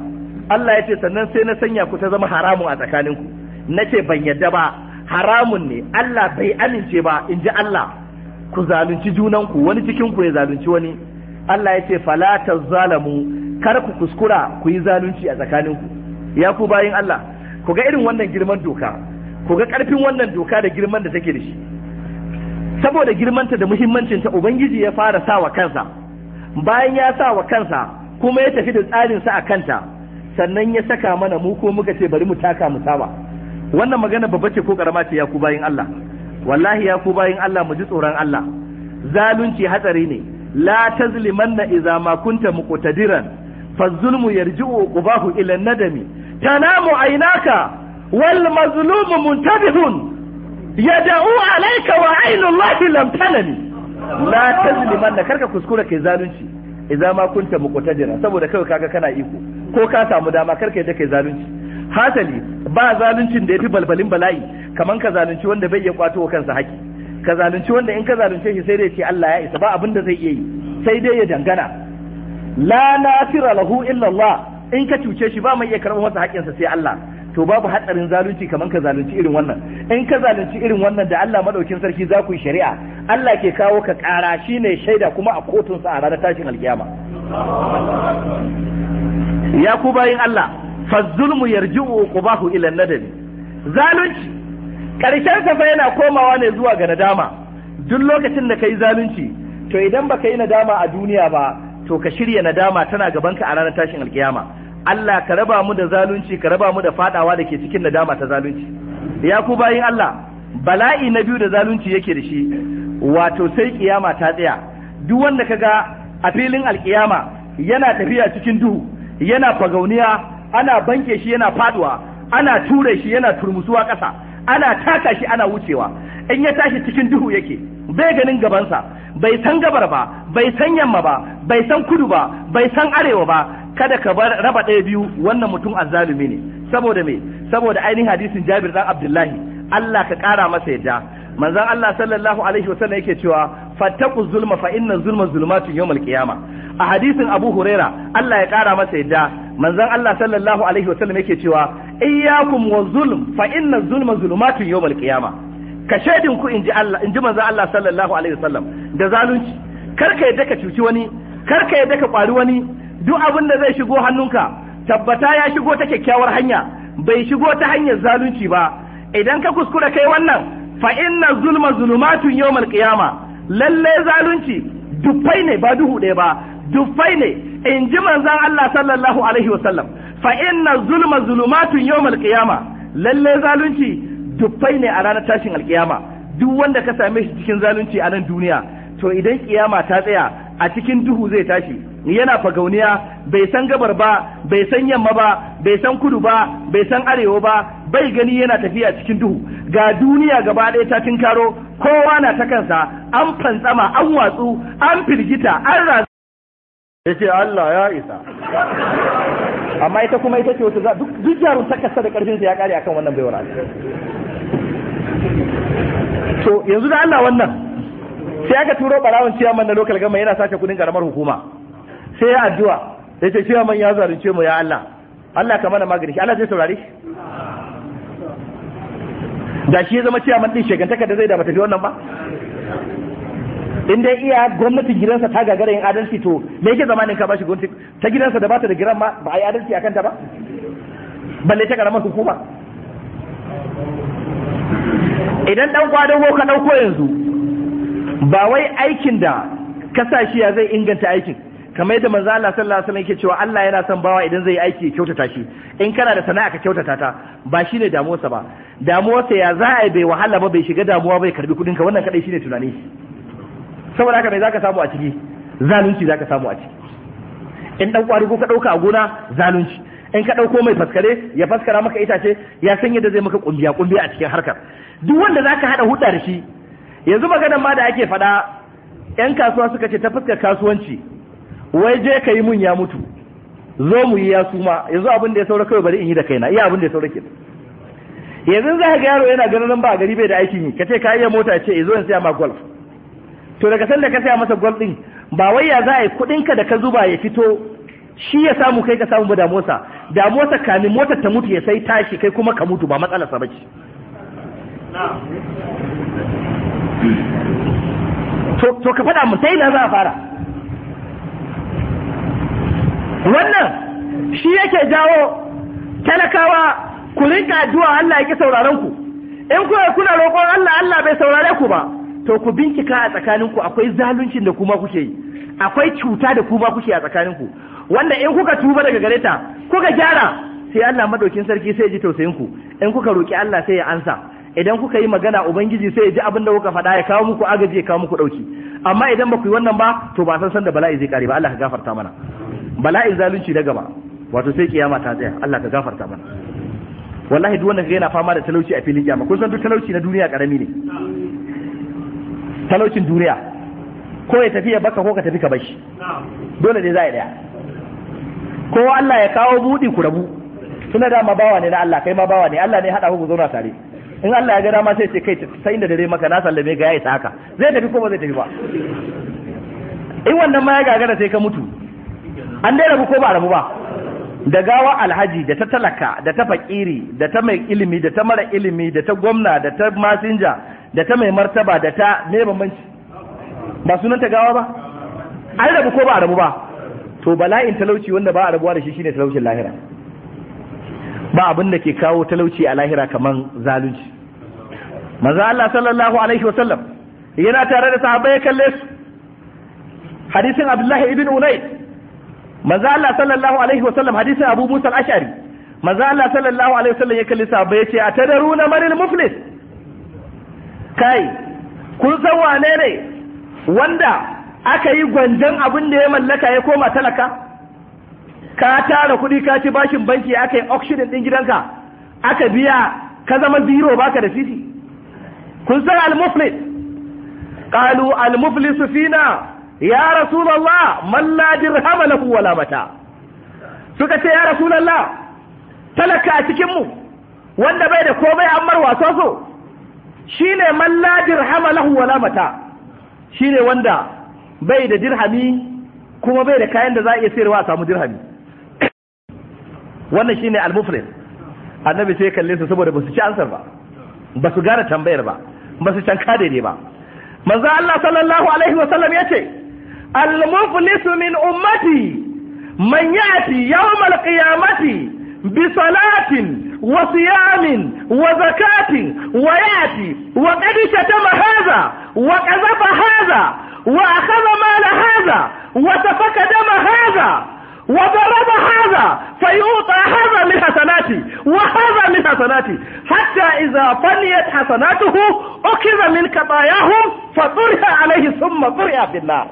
Speaker 1: Allah ya ce sannan sai na sanya ku ta zama haramun a tsakaninku nace ban yarda ba haramun ne Allah bai amince ba in ji Allah ku zalunci junanku wani cikin ku ya zalunci wani Allah ya ce fala zalamu kar ku kuskura ku yi zalunci a tsakaninku ya ku bayin Allah ku ga irin wannan girman doka ku ga karfin wannan doka da girman da take da shi saboda girmanta da muhimmancin ta ubangiji ya fara sawa kansa bayan ya sa kansa kuma ya tafi da tsarin sa a kanta sannan ya saka mana mu ko muka ce bari mu taka mu saba wannan magana babba ce ko karama ce ya ku bayin Allah wallahi ya ku bayin Allah mu ji tsoron Allah zalunci hatsari ne la tazlimanna idza ma kunta muqtadiran Fa zulmu yarji'u uqubahu ila nadami tanamu aynaka wal mazlumu muntabihun yad'u alayka wa aynu allahi lam tanami la tazlimanna karka kuskura kai zalunci idza ma kunta muqtadira saboda kai kaga kana iko ko ka samu dama karka yadda kai zalunci hasali ba zaluncin da yafi balbalin bala'i kaman ka zalunci wanda bai iya kwato kansa haƙƙi ka zalunci wanda in ka zalunce shi sai dai ce Allah ya isa ba abin da zai iya yi sai dai ya dangana la nasira lahu illa Allah in ka cuce shi ba mai iya karɓar masa haƙƙinsa sai Allah to babu hatsarin zalunci kamar ka zalunci irin wannan in ka zalunci irin wannan da Allah madaukin sarki za ku yi shari'a Allah ke kawo ka ƙara shine shaida kuma a kotun sa a ranar tashin alkiyama ya ku Allah fa zulmu yarji'u qubahu ila nadami zalunci karshen sa yana komawa ne zuwa ga nadama duk lokacin da kai zalunci to idan baka yi nadama a duniya ba to ka shirya nadama tana gaban ka a ranar tashin alkiyama Allah ka raba mu da zalunci ka raba mu da fadawa da ke cikin nadama ta zalunci ya ku bayin Allah bala'i na biyu da zalunci yake da shi wato sai kiyama ta tsaya duk wanda ka ga a filin alkiyama yana tafiya cikin duhu yana fagauniya ana banke shi yana faduwa ana ture shi yana turmusuwa ƙasa ana taka shi ana wucewa in ya tashi cikin duhu yake bai ganin gabansa bai san gabar ba bai san yamma ba bai san kudu ba bai san arewa ba kada ka bar raba ɗaya biyu wannan mutum azzalumi ne saboda me saboda ainihin hadisin Jabir dan Abdullahi Allah ka kara masa yadda manzon Allah sallallahu alaihi wasallam yake cewa fattaku zulma fa inna zulma zulmatun yawmal qiyama a hadisin Abu Huraira Allah ya kara masa yadda manzon Allah sallallahu alaihi wa wasallam yake cewa iyyakum wa zulm fa inna zulma zulmatun yawmal qiyama ka shaidin ku inji Allah inji manzon Allah sallallahu alaihi wa Sallam da zalunci kar ka yadda ka cuci wani kar ka yadda ka kwari wani duk abin da zai shigo hannunka tabbata ya shigo ta kyakkyawar hanya bai shigo ta hanyar zalunci ba idan ka kuskura kai wannan fa inna zulma zulumatun yawmal qiyama lalle zalunci dufai ne ba duhu ɗaya ba dufai ne in ji manzon Allah sallallahu alaihi wasallam fa inna zulma zulumatun yawmal qiyama lalle zalunci dufai ne a ranar tashin alkiyama duk wanda ka same shi cikin zalunci a nan duniya to idan kiyama ta tsaya a cikin duhu zai tashi yana fagauniya bai san gabar ba bai san yamma ba bai san kudu ba bai san arewa ba bai gani yana tafiya cikin duhu ga duniya gaba ɗaya ta tinkaro kowa na ta kansa an fantsama an watsu an firgita an razu ya ce Allah ya isa amma ita kuma ita ce wata duk jarun ta kasa da ƙarfinsa ya ƙare akan wannan baiwar to yanzu da Allah wannan sai aka turo barawon ciyaman na lokal gama yana sace kudin karamar hukuma sai addu'a ya ce ciyaman ya zarince mu ya Allah Allah ka mana magani Allah zai saurare shi da shi ya zama man din shegantaka da zai da bata fi wannan ba in dai iya gwamnatin gidansa ta gagara yin adalci to me yake zamanin ka bashi gwamnati ta gidansa da bata da giran ma ba a yi adalci akan ta ba balle ta karamar hukuma idan dan kwadago ka dauko yanzu ba wai aikin da kasashiya zai inganta aikin kamar yadda manzo Allah sallallahu alaihi wasallam yake cewa Allah yana son bawa idan zai aiki kyautata shi in kana da sana'a ka kyautata ta ba shine damuwarsa ba damuwarsa ya za a bai wahala ba bai shiga damuwa bai karbi kudin ka wannan kadai shine tunani saboda haka me zaka samu a ciki zalunci zaka samu a ciki in dan kwari ko ka dauka a gona zalunci in ka dauko mai faskare ya faskara maka itace ya san yadda zai maka kumbiya kumbiya a cikin harkar duk wanda zaka hada hudda da shi yanzu maganar ma da ake fada yan kasuwa suka ce ta fuskar kasuwanci wai je ka yi mun ya mutu zo mu yi ya suma yanzu abin da ya saura bari in yi da kaina iya abin da ya saura kenan yanzu za ka ga yaro yana ganin ba gari bai da aikin yi ka ce ka iya mota ce eh, zo in siya ma golf to daga sanda ka siya masa golf din ba wai ya za a yi kuɗin ka da ka zuba ya fito shi ya samu kai ka samu ba damuwarsa damuwarsa kami motar ta mutu ya sai tashi kai kuma ka mutu ba matsalarsa ba ce to ka faɗa mu sai na za a fara wannan shi yake jawo talakawa ku rinka addu'a Allah ya ki sauraron ku in ku kuna roƙon Allah Allah bai saurare ku ba to ku bincika a ku akwai zaluncin da kuma kuke yi akwai cuta da kuma kuke a ku wanda in kuka tuba daga gare ta kuka gyara sai Allah madaukin sarki sai ya ji tausayin ku in kuka roki Allah sai ya ansa idan kuka yi magana ubangiji sai ya ji abin da kuka faɗa ya kawo muku agaji ya kawo muku ɗauki amma idan ba ku yi wannan ba to ba san san da bala'i zai kare ba Allah ka gafarta mana bala'in zalunci na gaba wato sai kiyama ta tsaya Allah ka gafarta mana wallahi duk wanda yana fama da talauci a filin kiyama kun san duk talauci na duniya karami ne talaucin duniya ko ya tafi ya baka ko ka tafi ka bashi dole ne za ya daya ko Allah ya kawo budi ku rabu Tuna da ma bawa ne na Allah kai ma bawa ne Allah ne hada ku zauna tare in Allah ya ga dama sai ce kai sai inda dare maka na sallame ga yayi haka zai tafi ko ba zai tafi ba in wannan ma ya gagara sai ka mutu an dai rabu ko ba rabu ba da gawa alhaji da ta talaka da ta fakiri da ta mai ilimi da ta mara ilimi da ta gwamna da ta masinja da ta mai martaba da ta mai bambanci ba sunan ta gawa ba an rabu ko ba a rabu ba to bala'in talauci wanda ba a rabuwa da shi shine talaucin lahira ba abin da ke kawo talauci a lahira kaman zalunci manzo Allah sallallahu alaihi wa sallam yana tare da sahabbai kalle su hadisin Abdullahi ibn Unay manzo Allah sallallahu alaihi wa sallam hadisin Abu Musa al-Ash'ari manzo Allah sallallahu alaihi wa sallam ya kalli sahabbai yace atadaruna maril muflis kai kun san wane ne wanda aka yi gwanjan abin da ya mallaka ya koma talaka ka tara kuɗi ka ci bashin banki aka yi auction din gidanka aka biya ka zama biro baka da sisi kun san al-muflis qalu al muflis fina ya rasulullah man la dirhama lahu wala mata suka ce ya rasulullah talaka a cikin mu wanda bai da komai amma wato so shine man la dirhama lahu wala mata shine wanda bai da dirhami kuma bai da kayan da za a iya sayarwa a samu dirhami wannan shine al-muflis annabi sai kalle su saboda ba su ci ansar ba ba su gane tambayar ba ba su canka daidai ba manzo Allah sallallahu alaihi wa sallam yace المفلس من أمتي من يأتي يوم القيامة بصلاة وصيام وزكاة ويأتي وقد شتم هذا وقذف هذا وأخذ مال هذا وسفك دم هذا وضرب هذا فيعطى هذا من حسناتي وهذا من حسناتي حتى إذا فنيت حسناته أخذ من خطاياهم فطرح عليه ثم طرح في النار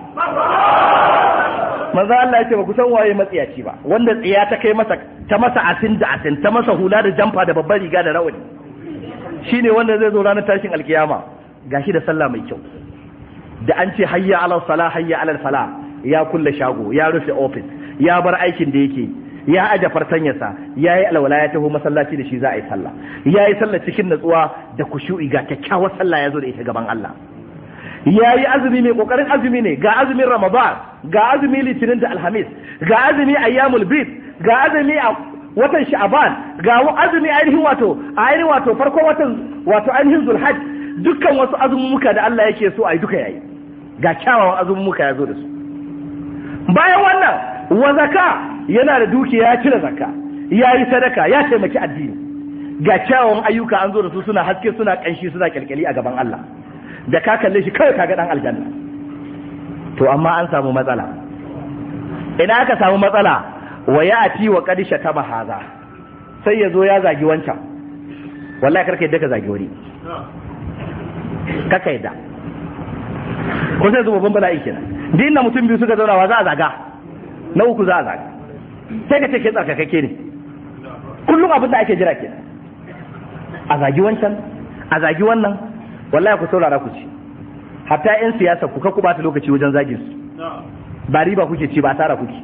Speaker 1: manzo Allah yace ba ku san waye matsiyaci ba wanda tsiya ta kai masa ta masa asin da asin ta masa hula da jamfa da babbar riga da rawani shine wanda zai zo ranar tashin alkiyama gashi da sallah mai kyau da an ce hayya ala salah hayya ala falah ya kulle shago ya rufe ofis. ya bar aikin da yake ya aje fartanyarsa ya yi alwala ya taho masallaci da shi za a yi sallah ya yi sallah cikin natsuwa da kushu'i ga kyakkyawar sallah ya zo da ita gaban Allah ya yi azumi mai kokarin azumi ne ga azumin ramadan ga azumi litinin da alhamis ga azumi ayyamul bid ga azumi a watan sha'aban ga azumi ainihin wato ainihin wato farkon watan wato ainihin zulhajj dukkan wasu azumumuka da Allah yake so a yi duka yayi ga kyawawan azumumuka ya zo da su bayan wannan wa zaka yana da dukiya ya cire zaka ya yi sadaka ya taimaki addini ga cewon ayyuka an zo da su suna haske suna kanshi suna kyalkyali a gaban Allah da ka kalle shi kawai kaga dan aljanna to amma an samu matsala ina aka samu matsala wa ya'ti wa qad shatama haza sai ya zo ya zagi wancan wallahi karka yadda ka zagi wani kaka yadda ko sai zuwa babban bala'i kenan din na mutum biyu suka zauna wa za a zaga na uku za a zaga sai ka ce ke tsarkakakke ne kullum abin da ake jira ke a zagi wancan a zagi wannan wallahi ku saurara ku ci hatta yan siyasa ku ka kubata lokaci wajen zagin su ba riba kuke ci ba tsara kuke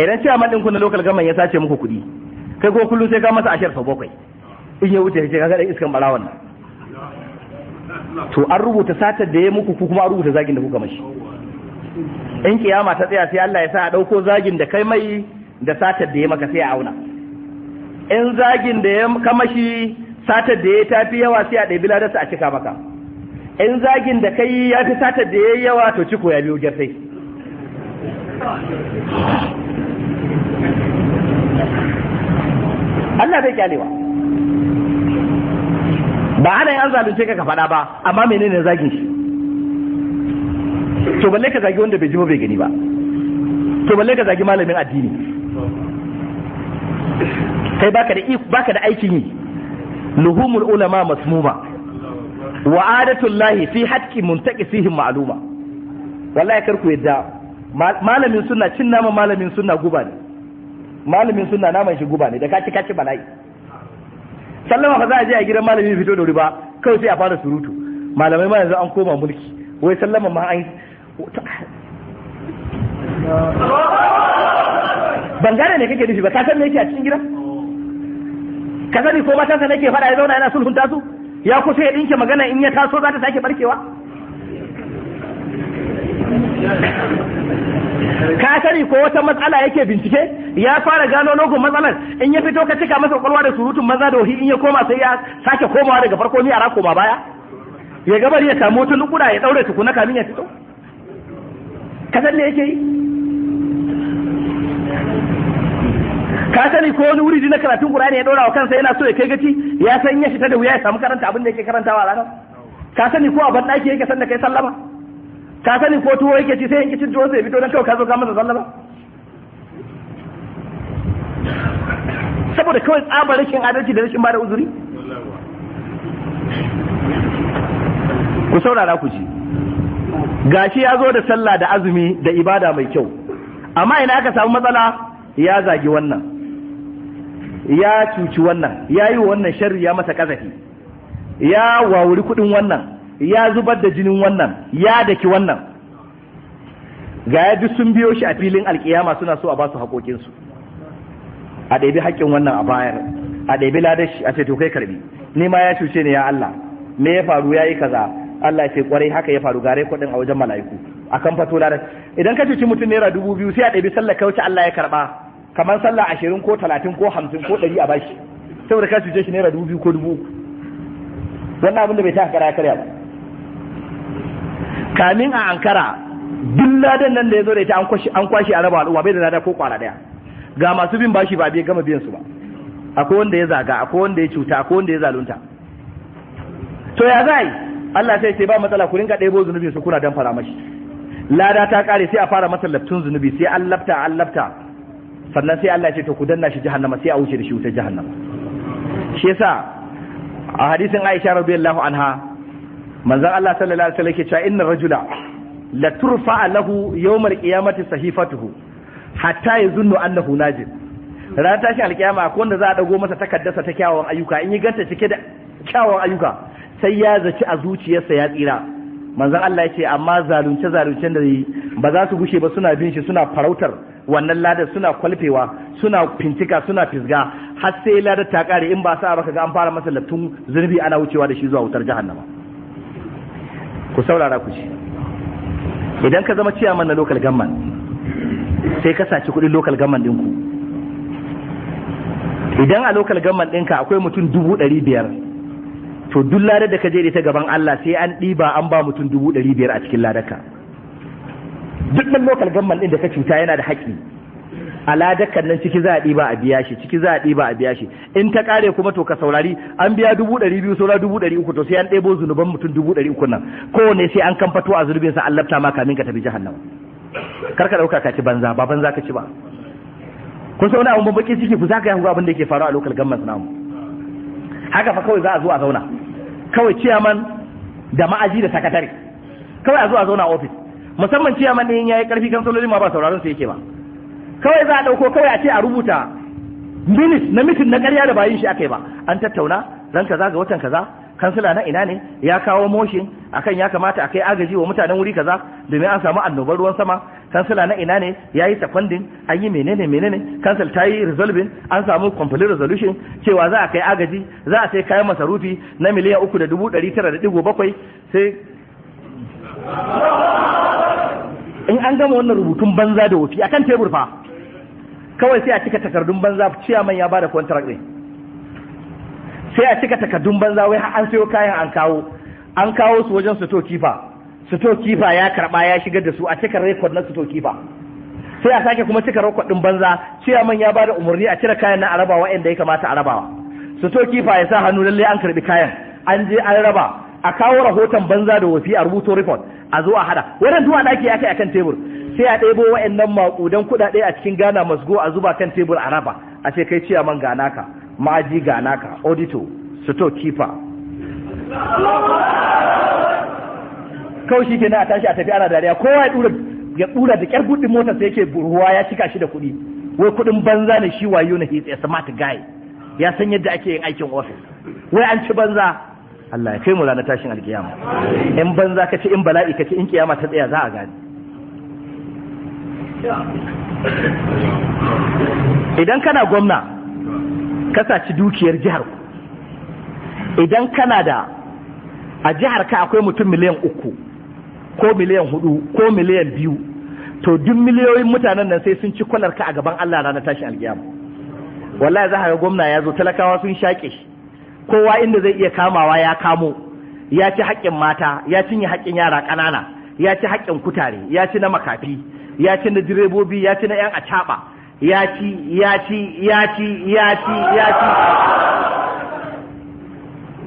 Speaker 1: idan cewa man ɗinku na local government ya sace muku kuɗi kai ko kullum sai ka masa ashar sau bakwai in ya wuce ka ce ka ga iskan barawan nan to an rubuta satar da ya muku ku kuma an rubuta zagin da kuka mashi in kiyama ta tsaya sai Allah ya sa a ɗauko zagin da kai mai da satar da ya maka sai a auna in zagin da ya kamashi satar da ya tafi yawa sai a ɗabi ladarsa a cika maka in zagin da kai ya fi satar da ya yawa to ciko ya biyo gersai Allah bai kyalewa ba ana yin an zalunce ka ka faɗa ba amma menene zagin shi to balle ka zagi wanda bai ji ba bai gani ba to balle ka zagi malamin addini kai baka da baka da aikin yi luhumul ulama masmuma wa adatul lahi fi haqqi muntaqisihim ma'luma wallahi karku yadda malamin sunna cin nama malamin sunna guba ne malamin sunna naman shi guba ne da kaci kaci bala'i sallama fa za a je a gidan malami fito da riba kawai sai a fara surutu malamai ma yanzu an koma mulki wai sallama ma an ban gane ne kake nufi ba ka san me yake a cikin gida ka sani ko matansa nake faɗa ya zauna yana sulhunta su ya kusa ya dinke magana in ya taso za ta sake barkewa ka sani ko wata matsala yake bincike ya fara gano lokacin matsalar in ya fito ka cika masa kwalwa da surutun maza da wahi in ya koma sai ya sake komawa daga farko ni a koma baya ya gabar ya samu wata lukura ya daure tukuna kamin ya fito kasan ne yake yi ka sani ko wani wuri na karatun Qur'ani ya dora wa kansa yana so ya kai gaci ya san ya ta da wuya ya samu karanta abin da yake karantawa wa ranar ka sani ko a banɗaki yake san da kai sallama ka sani ko tuwo yake ci sai yanki cin tuwo zai fito don kawai ka zo ka masa sallama saboda kawai tsabar rashin adalci da rashin bada uzuri ku saurara ku ji gashi ya zo da sallah da azumi da ibada mai kyau amma ina aka samu matsala ya zagi wannan ya cuci wannan ya yi wannan sharri ya masa kazafi ya wawuri kudin wannan ya zubar da jinin wannan ya daki wannan ga ya duk sun biyo shi a filin alkiyama suna so a ba basu haƙoƙinsu a ɗabi haƙƙin wannan a bayar a ɗabi ladashi a ce to kai karbi ni ma ya cuce ne ya Allah me ya faru ya yi kaza Allah ya ce kwarai haka ya faru gare kudin a wajen mala'iku akan fato da idan ka cuci mutum naira dubu biyu sai a ɗabi sallah kauce Allah ya karɓa kamar sallah ashirin ko talatin ko hamsin ko ɗari a bashi saboda ka cuce shi naira dubu biyu ko dubu wannan abin da bai ta karya karya ba kamin a ankara duk ladan nan da ya zo da ita an kwashe a raba al'umma bai da lada ko kwara daya ga masu bin bashi ba bai gama biyan su ba akwai wanda ya zaga akwai wanda ya cuta akwai wanda ya zalunta to ya za yi Allah sai ce ba matsala ku rinka ɗebo zunubi su kuna dan fara mashi lada ta kare sai a fara masa laftun zunubi sai an lafta an lafta sannan sai Allah ce to ku danna shi jahannama sai a wuce da shi wutar jahannama shi yasa a hadisin Aisha radiyallahu anha manzon Allah sallallahu alaihi wasallam ke cewa innar rajula la turfa lahu yawmal qiyamati sahifatuhu hatta yazunnu annahu najib ran tashin alkiyama akwai wanda za a dago masa takaddasa ta kyawawan ayyuka in yi ganta cike da kyawawan ayyuka sai ya zaci a zuciyarsa ya tsira manzon Allah ya ce amma zalunce zalunce da yi ba za su gushe ba suna bin shi suna farautar wannan ladar suna kwalfewa suna fintika suna fisga har sai ladar ta kare in ba sa ba kaga an fara masa lattun zunubi ana wucewa da shi zuwa wutar jahannama ku saurara ku ce. idan ka zama ciyaman na local government sai ka saci kuɗin local government ɗinku idan a local government ɗinka akwai mutum dubu ɗari biyar to duk ladar da ka je da ta gaban Allah sai an ɗiba an ba mutum dubu ɗari biyar a cikin ladarka duk ɗan lokal gamman ɗin da ka cuta yana da haƙƙi a ladarkan nan ciki za a ɗiba a biya shi ciki za a ɗiba a biya shi in ta ƙare kuma to ka saurari an biya dubu ɗari biyu saura dubu ɗari uku to sai an ɗebo zunuban mutum dubu ɗari uku nan kowane sai an kan fato a zunubin sa an lafta ma kamin ka tafi jahannama kar ka ɗauka ka ci banza ba banza ka ci ba kun wani abun bakin ciki ku za ka yi abin da yake faruwa a lokal gamman namu haka fa kawai za a zo a zauna kawai ciyaman da ma'aji da sakatare kawai a zo a zauna ofis musamman ciyaman ɗin ya yi ƙarfi kansaloli ma ba sauraron su yake ba kawai za a ɗauko kawai a ce a rubuta minis na mitin na ƙarya da bayin shi aka yi ba an tattauna ran kaza ga watan kaza kansila na ina ne ya kawo moshin akan ya kamata a kai agaji wa mutanen wuri kaza domin an samu annobar ruwan sama kansila na ina ne ya yi seconding an yi menene menene kansil ta yi resolving an samu complete resolution cewa za a kai agaji za a sai kayan masarufi na miliyan uku da dubu ɗari tara da ɗigo bakwai sai in an gama wannan rubutun banza da wofi akan tebur fa kawai sai a cika takardun banza ciyaman ya bada contract ɗin sai a cika takardun banza wai an sayo kayan an kawo an kawo su wajen su to kifa sito kifa ya karba ya shigar da su a cika rekod na sito kifa sai a sake kuma cika rekod din banza ciyaman ya ba da umarni a cire kayan na araba wa'anda ya kamata a rabawa sito kifa ya sa hannu lalle an karbi kayan an je an raba a kawo rahoton banza da wafi a rubuto rekod a zo a hada wannan duwa daki ya kai kan tebur sai a ɗebo wa'annan maƙudan kuɗaɗe a cikin masu masgo a zuba kan tebur a raba a ce kai ciyaman gana ka ma'aji ga ka auditor sito kifa kawai shi kenan a tashi a tafi ana dariya kowa ya dura ya dura da kyar gudun motar sai yake ruwa ya cika shi da kuɗi wai kuɗin banza ne shi wayo na hitsa smart guy ya san yadda ake yin aikin ofis wai an ci banza Allah ya kai mu ranar tashin alkiyama in banza ka ci in bala'i ka ci in kiyama ta tsaya za a gani idan kana gwamna ka saci dukiyar jihar ku idan kana da a jihar ka akwai mutum miliyan uku ko miliyan hudu ko miliyan biyu to duk miliyoyin mutanen nan sai sun ci kwalar ka a gaban Allah ranar tashin alkiyama wallahi za a ga gwamna ya zo talakawa sun shaƙe kowa inda zai iya kamawa ya kamo ya ci haƙƙin mata ya cinye haƙƙin yara ƙanana ya ci haƙƙin kutare ya ci na makafi ya ci na direbobi ya ci na yan acaba ya ci ya ci ya ci ya ci ya ci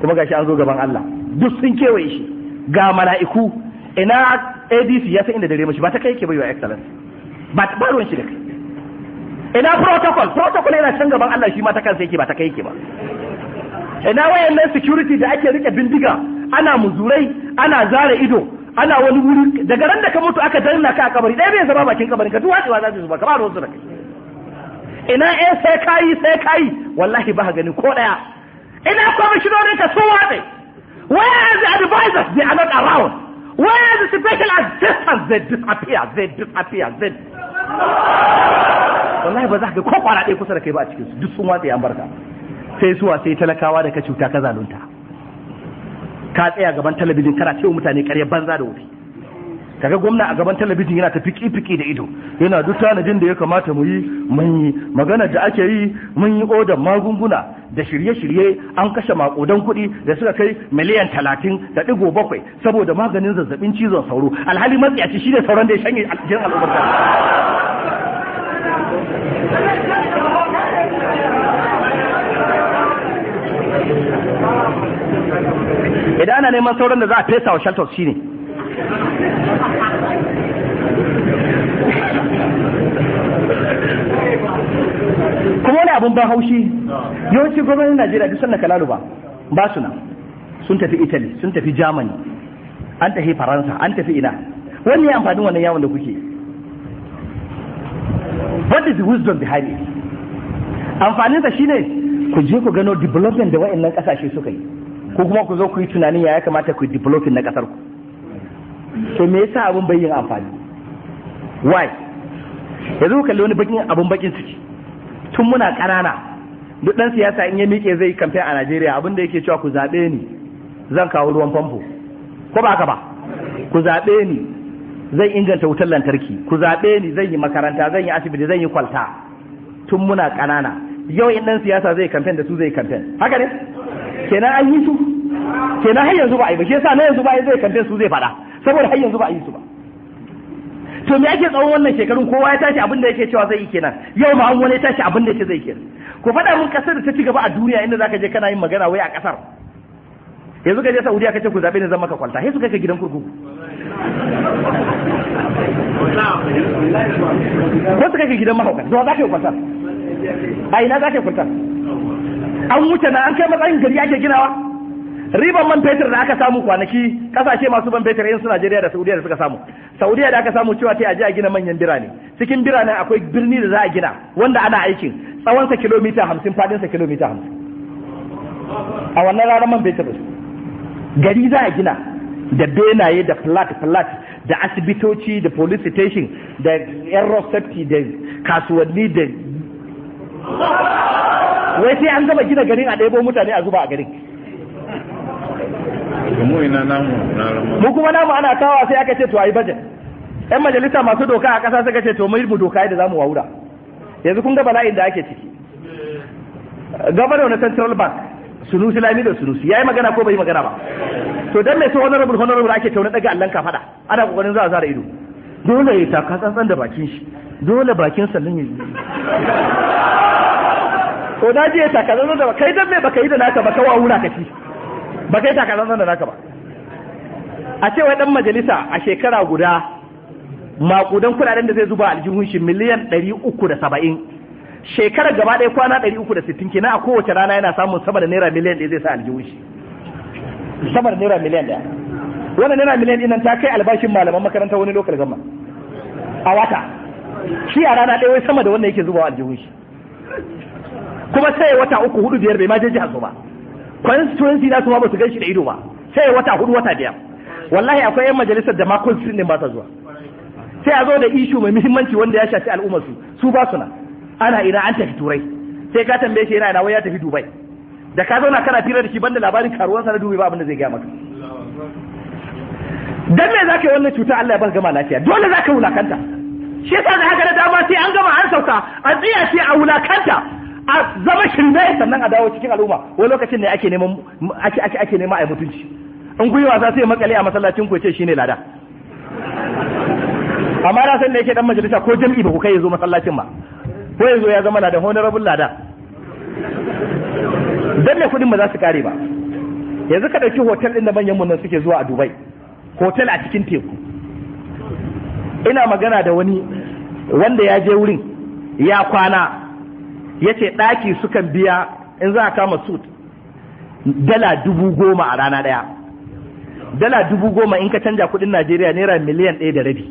Speaker 1: kuma gashi an zo gaban Allah duk sun kewaye shi ga mala'iku ina adc ya san inda dare mashi ba ta kai ke bai wa excellence ba ta baruwan shi da kai ina protocol protocol yana can gaban Allah shi ma ta kansa yake ba ta kai ke ba ina nan security da ake rike bindiga ana muzurai ana zare ido ana wani wuri daga ran da ka mutu aka danna ka a kabari ɗaya bai zama bakin kabarin ka duk hatsewa za su zuba ka ba ruwan su da kai ina eh sai kayi sai kayi wallahi ba gani ko daya ina kwamishinonin ka sun watsa where are the advisors they are not around Where the situation has just as they disappear, they disappear, they wallahi ba za ka ko kwana ɗaya kusa da kai ba a cikinsu duk sun watsa an barka sai suwa sai talakawa da ka cuta ka zalunta ka tsaya gaban talabijin kana ce mutane ƙarya banza da wuri kaga gwamna a gaban talabijin yana ta fiki-fiki da ido yana duk tanadin da ya kamata mu yi mun yi magana da ake yi mun yi odan magunguna da shirye-shirye an kashe makudan kuɗi da suka kai miliyan talatin da ɗigo bakwai saboda maganin zazzabin cizon sauro alhali matsiyaci shi ne sauran da ya shanye aljin al'ummar idan ana neman sauran da za a fesa wa shaltos shine
Speaker 3: kuma
Speaker 1: wani abin ban haushi yawanci gwamnatin najeriya duk sannan kalalu ba ba su nan sun tafi italy sun tafi germany an tafi faransa an tafi ina wani ya amfani wannan yawon da kuke what is the wisdom behind it amfaninsa shine ku je ku gano development da wa'annan kasashe suka yi ko kuma ku zo ku yi tunanin ya kamata ku developing na kasar ku to me yasa abun bai yin amfani why yanzu kalli wani bakin abun bakin ciki tun muna ƙanana duk dan siyasa in ya miƙe zai kamfe a Najeriya abin da yake cewa ku zaɓe ni zan kawo ruwan famfo ko ba haka ba ku zaɓe ni zai inganta wutar lantarki ku zaɓe ni zan yi makaranta zan yi asibiti zan yi kwalta tun muna ƙanana yau in dan siyasa zai kamfen da su zai kamfen haka ne kenan an yi su kenan har yanzu ba a yi ba shi yasa na yanzu ba a yi zai kamfen su zai faɗa saboda har yanzu ba a yi su ba to me ake tsawon wannan shekarun kowa ya tashi abin da yake cewa zai yi kenan yau ma an wani tashi abin da yake zai kenan ko faɗa mun kasar da ta ci gaba a duniya inda zaka je kana yin magana wai a kasar yanzu ka je Saudiya kace ku zabe ni zan maka kwalta sai su kai ka gidan kurkuku ko su kai ka gidan mahaukan zuwa zaka yi kwalta a ina zaka yi kwalta an wuce na an kai matsayin gari ake ginawa riban man fetur da aka samu kwanaki kasashe masu ban fetur yin su Najeriya da Saudiya da suka samu Saudiya da aka samu cewa ta aje a gina manyan birane cikin birane akwai birni da za a gina wanda ana aikin tsawonsa kilomita hamsin sa kilomita hamsin a wannan ranar man fetur gari za a gina da benaye da flat flat da asibitoci da police station da air safety da kasuwanni da wai sai an gaba gina garin a ɗebo mutane a zuba a garin mu kuma namu ana tawa sai aka ce to ayi budget yan majalisa masu doka a ƙasa suka ce to mu rubu doka da zamu wawura yanzu kun ga bala'in da ake ciki governor na central bank sunusi lami da sunusi yayi magana ko bai magana ba to dan me so honorable honorable ake tauna daga Allah ka fada ana kokarin za a zara ido dole ya taka tsantsan da bakin shi dole bakin sallin ya ko da ya taka tsantsan da kai dan me baka yi da naka baka wawura ka ci ba kai takarar da naka ba a cewa dan majalisa a shekara guda makudan kudaden da zai zuba aljihun shi miliyan 370 shekarar gaba ɗaya kwana 360 kenan a kowace rana yana samun sama da naira miliyan ɗaya zai sa aljihun shi sama da naira miliyan ɗaya wannan naira miliyan ɗin ta kai albashin malaman makaranta wani lokal gama a wata shi a rana ɗaya wai sama da wannan yake zuba aljihun shi kuma sai wata uku hudu biyar bai ma je jihar ba constituency na su ma ba su ganshi da ido ba sai wata hudu wata biyar wallahi akwai yan majalisar da ma constituency din ba ta zuwa sai a zo da ishu mai muhimmanci wanda ya shafi al'ummar su su ba su na ana ina an tafi turai sai ka tambaye shi yana da wai ya tafi dubai da ka zauna kana firar da shi banda labarin karuwansa na dubai ba abin da zai gaya maka dan me zaka yi wannan cuta Allah ya bar gama lafiya dole zaka wulakanta shi yasa da haka da dama sai an gama an sauka a tsiya a wulakanta a zama shirme sannan a dawo cikin al'umma wani lokacin ne ake neman ake ake ake neman mutunci in kuyi wasa sai makale a masallacin ku ce shine lada amma da san da yake dan majalisa ko jami'i ba ku kai yazo masallacin ba ko yazo ya zama ladan honorable lada dan ne kudin ba za su kare ba yanzu ka dauki hotel din da manyan mun suke zuwa a Dubai hotel a cikin teku ina magana da wani wanda ya je wurin ya kwana yace ɗaki sukan biya in za a kama suit dala dubu goma a rana ɗaya dala dubu goma in ka canja kuɗin najeriya naira miliyan ɗaya da rabi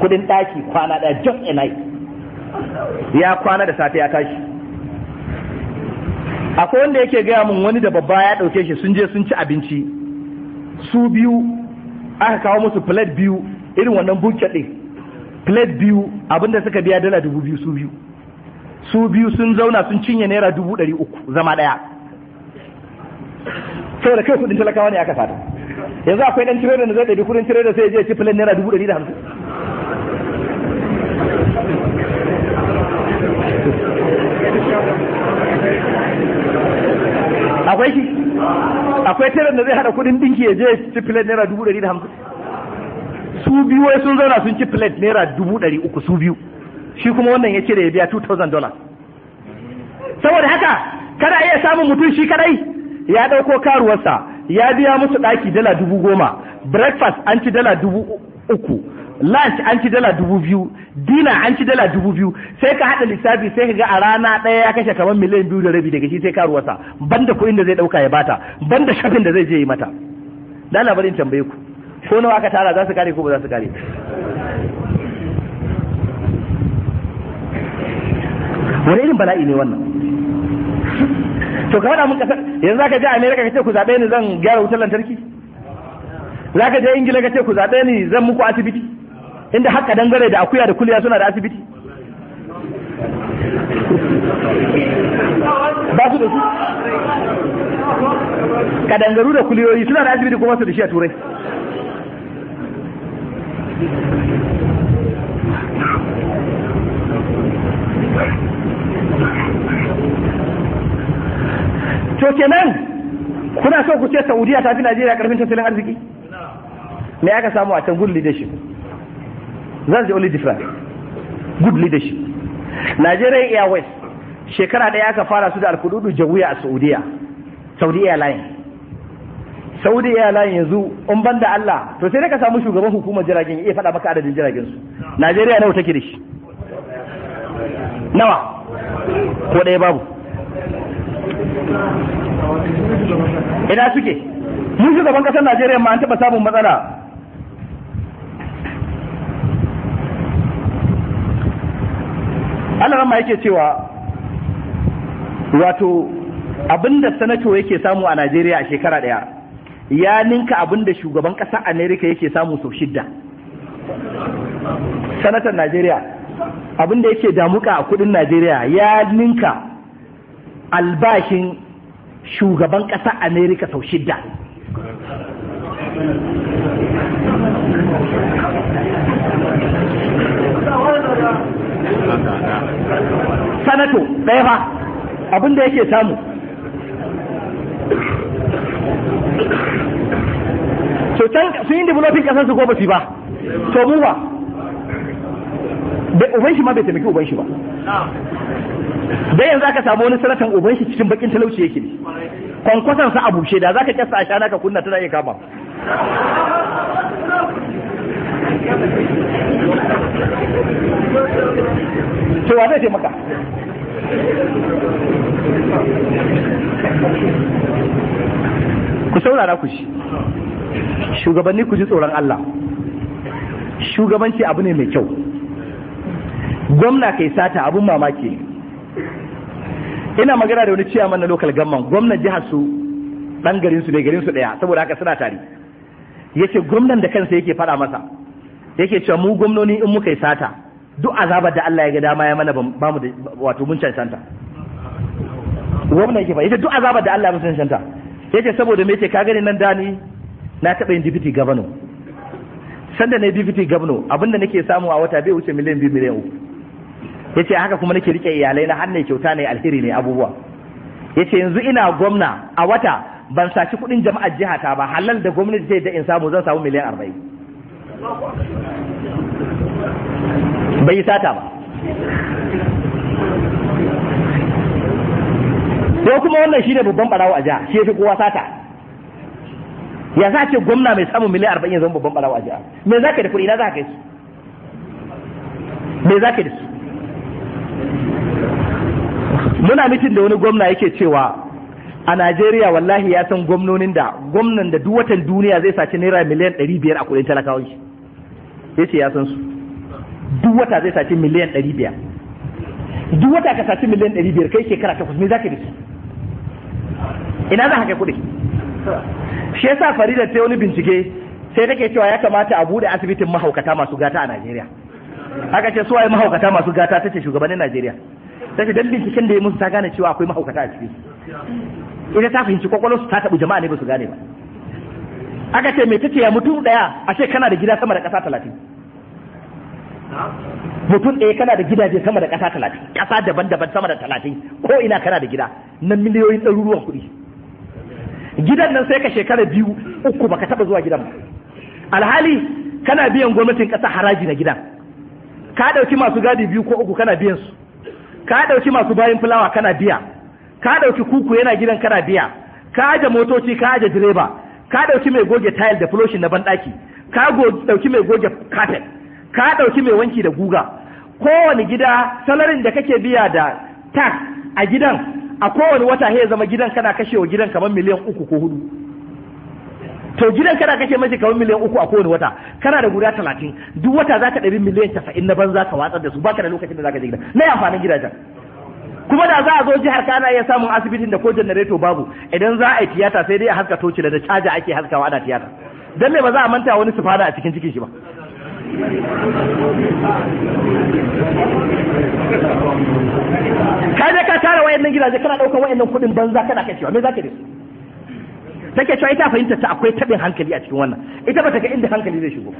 Speaker 1: kuɗin ɗaki kwana ɗaya just inai
Speaker 3: ya kwana da safe ya tashi
Speaker 1: akwai wanda yake gaya min wani da babba ya ɗauke shi sun je sun ci abinci su biyu aka kawo musu plate biyu irin wannan buket ɗin plate biyu abinda suka biya dala dubu biyu su biyu su biyu sun zauna sun cinye naira dubu ɗari uku zama ɗaya saboda kai kudin talakawa ne aka sata yanzu akwai ɗan tireda da zai ɗari kudin tireda sai je ci filin naira dubu ɗari da hamsin akwai shi akwai da zai haɗa kudin ɗinki ya je ci filin naira dubu ɗari da hamsin su biyu wai sun zauna sun ci filin naira dubu ɗari uku su biyu shi kuma wannan ya ce da ya biya 2000 dollars saboda haka kada iya samun mutum shi kadai ya ɗauko karuwarsa ya biya musu ɗaki dala dubu goma breakfast an ci dala dubu uku lunch an ci dala dubu biyu dina an ci dala dubu biyu sai ka haɗa lissafi sai ka ga a rana ɗaya ya kashe kamar miliyan biyu da rabi daga shi sai karuwarsa banda kuɗin da zai ɗauka ya bata banda shafin da zai je yi mata na labarin tambaye ku ko nawa aka tara za su kare ko ba za su kare wani irin bala'i ne wannan to ka faɗa mun kasar yanzu zaka je America ka ce ku zaɓe ni zan gyara wutar lantarki zaka je Ingila ka ce ku zaɓe ni zan muku asibiti inda haka dangare da akuya da kuliya suna da asibiti ba su da su kadangaru da kuliyoyi suna da asibiti kuma su da shi a turai to kenan kuna so ku ce saudiya ta fi najeriya karfin tattalin arziki me aka samu a can good leadership that's the only difference good leadership nigerian airways shekara ɗaya aka fara su da alkududu jawiya a saudiya saudi airline saudi airline yanzu in ban da allah to sai dai ka samu shugaban hukumar jiragen iya faɗa maka adadin jiragen su najeriya nawa take da shi nawa ko ɗaya babu ina suke mun shugaban kasar najeriya ma an taɓa samun matsala Allah ma yake cewa wato abinda sanato yake samu a Najeriya a shekara ɗaya ya ninka abinda shugaban ƙasar Amerika yake samu sau shidda. Sanatar Najeriya abinda yake damuka a kudin Najeriya ya ninka albashin shugaban ƙasa amerika sau shidda sanato ɗaya ba, abinda yake samu so can sun yi developing ƙasar su ko ba su ba to mu ba uban shi ma bai taimaki uban shi ba dai yanzu aka samu wani sanatan uban shi cikin bakin talauci yake ne kwankwasan sa abu bushe da zaka kyasta a shana ka kunna tana iya kama to wa zai taimaka ku saurara ku shi shugabanni ku ji tsoron Allah shugabanci abu ne mai kyau gwamna kai sata abun mamaki ina magana da wani ciyaman na local gamman gwamnan jihar su dan garin su ne garin su daya saboda haka suna tare yace gwamnan da kansa yake fada masa yake cewa mu gwamnoni in muka yi sata duk azabar da Allah ya ga dama ya mana ba mu wato mun cancanta gwamnan yake fa yace duk azabar da Allah ya mun cancanta yace saboda me yake ka gani nan dani na taɓa yin deputy governor sanda ne deputy governor abinda nake samu a wata bai wuce miliyan 2 miliyan uku yace haka kuma nake rike iyalai na hannu kyauta ne alheri ne abubuwa yace yanzu ina gwamna a wata ban saci kudin jama'ar jiha ta ba halal da gwamnati zai da in samu zan samu miliyan arba'in bai sata ba ko kuma wannan shi ne babban barawo a jiha shi ya fi kowa sata ya za ce gwamna mai samun miliyan arba'in zama babban barawo a jiha me za ka da kuɗi na za ka yi su me za ka da su muna mitin da wani gwamna yake cewa a Najeriya wallahi ya san gwamnonin da gwamnan da duk watan duniya zai saci naira miliyan 500 a kudin talakawai shi yace ya san su duk wata zai saci miliyan 500 duk wata ka saci miliyan 500 kai shekara takwas me zaka dace ina za ka kai kudi shi yasa Farida ta wani bincike sai take cewa ya kamata a bude asibitin mahaukata masu gata a Najeriya aka ce suwaye mahaukata masu gata tace shugabannin Najeriya sai dan binciken da ya musu ta gane cewa akwai mahaukata a ciki idan ta fahimci kwakwalwar su ta tabu jama'a ne ba su gane ba aka ce mai tace ya mutum daya a ce kana da gida sama da kasa talatin mutum ɗaya kana da gidaje sama da ƙasa talatin ƙasa daban-daban sama da talatin ko ina kana da gida nan miliyoyin ɗaruruwan kuɗi gidan nan sai ka shekara biyu uku baka taɓa zuwa gidan ba alhali kana biyan gwamnatin ƙasa haraji na gidan ka ɗauki masu gadi biyu ko uku kana biyan su ka ɗauki masu bayan fulawa kana biya ka ɗauki kuku yana gidan kana biya ka aje motoci ka aje direba ka ɗauki mai goge tile da flushing na banɗaki ka ɗauki mai goge kafet ka ɗauki mai wanki da guga kowani gida salarin da kake biya da tax a gidan a kowane wata ya zama gidan kana kashewa gidan kamar miliyan uku ko hudu to gidan kana kashe mashi kamar miliyan uku a kowane wata kana da guda talatin duk wata zaka ɗari miliyan casa'in na banza ka watsar da su baka da lokacin da zaka je gida na amfanin gidajen kuma da za a zo jihar kana iya samun asibitin da ko janareto babu idan za a yi tiyata sai dai a haska toci da caja ake haskawa ana tiyata dan me ba za a manta wani sufada a cikin cikin shi ba ka je ka tara wayannan gidaje kana ɗaukar wayannan kuɗin banza kana kashewa me za da su take cewa ita fahimta ta akwai tabin hankali a cikin wannan ita ba ta ga inda hankali zai shigo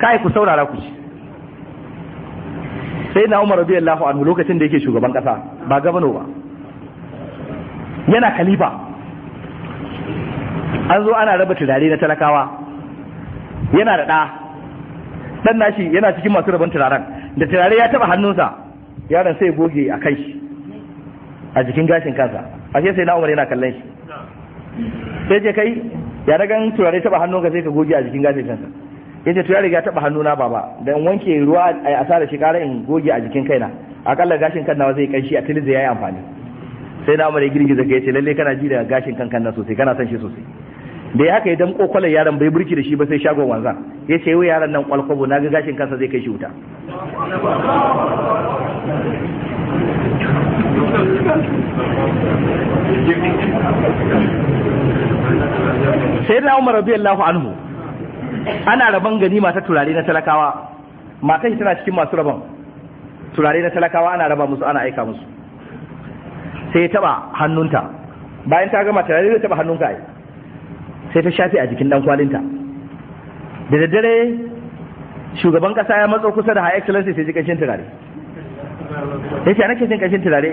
Speaker 1: kai ku saurara ku ci sai na Umar radiyallahu anhu lokacin da yake shugaban kasa ba gabano ba yana khalifa an zo ana raba turare na talakawa yana da ɗa ɗan nashi yana cikin masu rabon turaren da turare ya taɓa hannunsa yaron sai goge a kai a jikin gashin kansa ashe sai na umar yana kallon shi sai je kai ya daga turare taba hannun ka sai ka goge a jikin gashin kanka ce turare ya taba hannuna baba dan wanke ruwa a asa da shi kara in goge a jikin kaina akalla gashin kan nawa zai kanshi a ya yayi amfani sai na mare girgiza ka yace lalle kana ji da gashin kankan nan sosai kana son shi sosai da ya haka ya damko kwalar yaron bai burki da shi ba sai shagon wanzan ya ce yau yaron nan kwalkwabo na ga gashin kansa zai kai shi wuta sai na umar Rabi allahu anhu ana rabon gani mata turare na talakawa matan tana cikin masu rabon turare na talakawa ana raba musu ana aika musu sai ya taba hannunta bayan ta gama turare zai taba hannunka ai sai ta shafi a jikin dan kwalinta da daddare shugaban kasa ya matso kusa da high excellency sai ji kashin turare ya ce nake jin kashin turare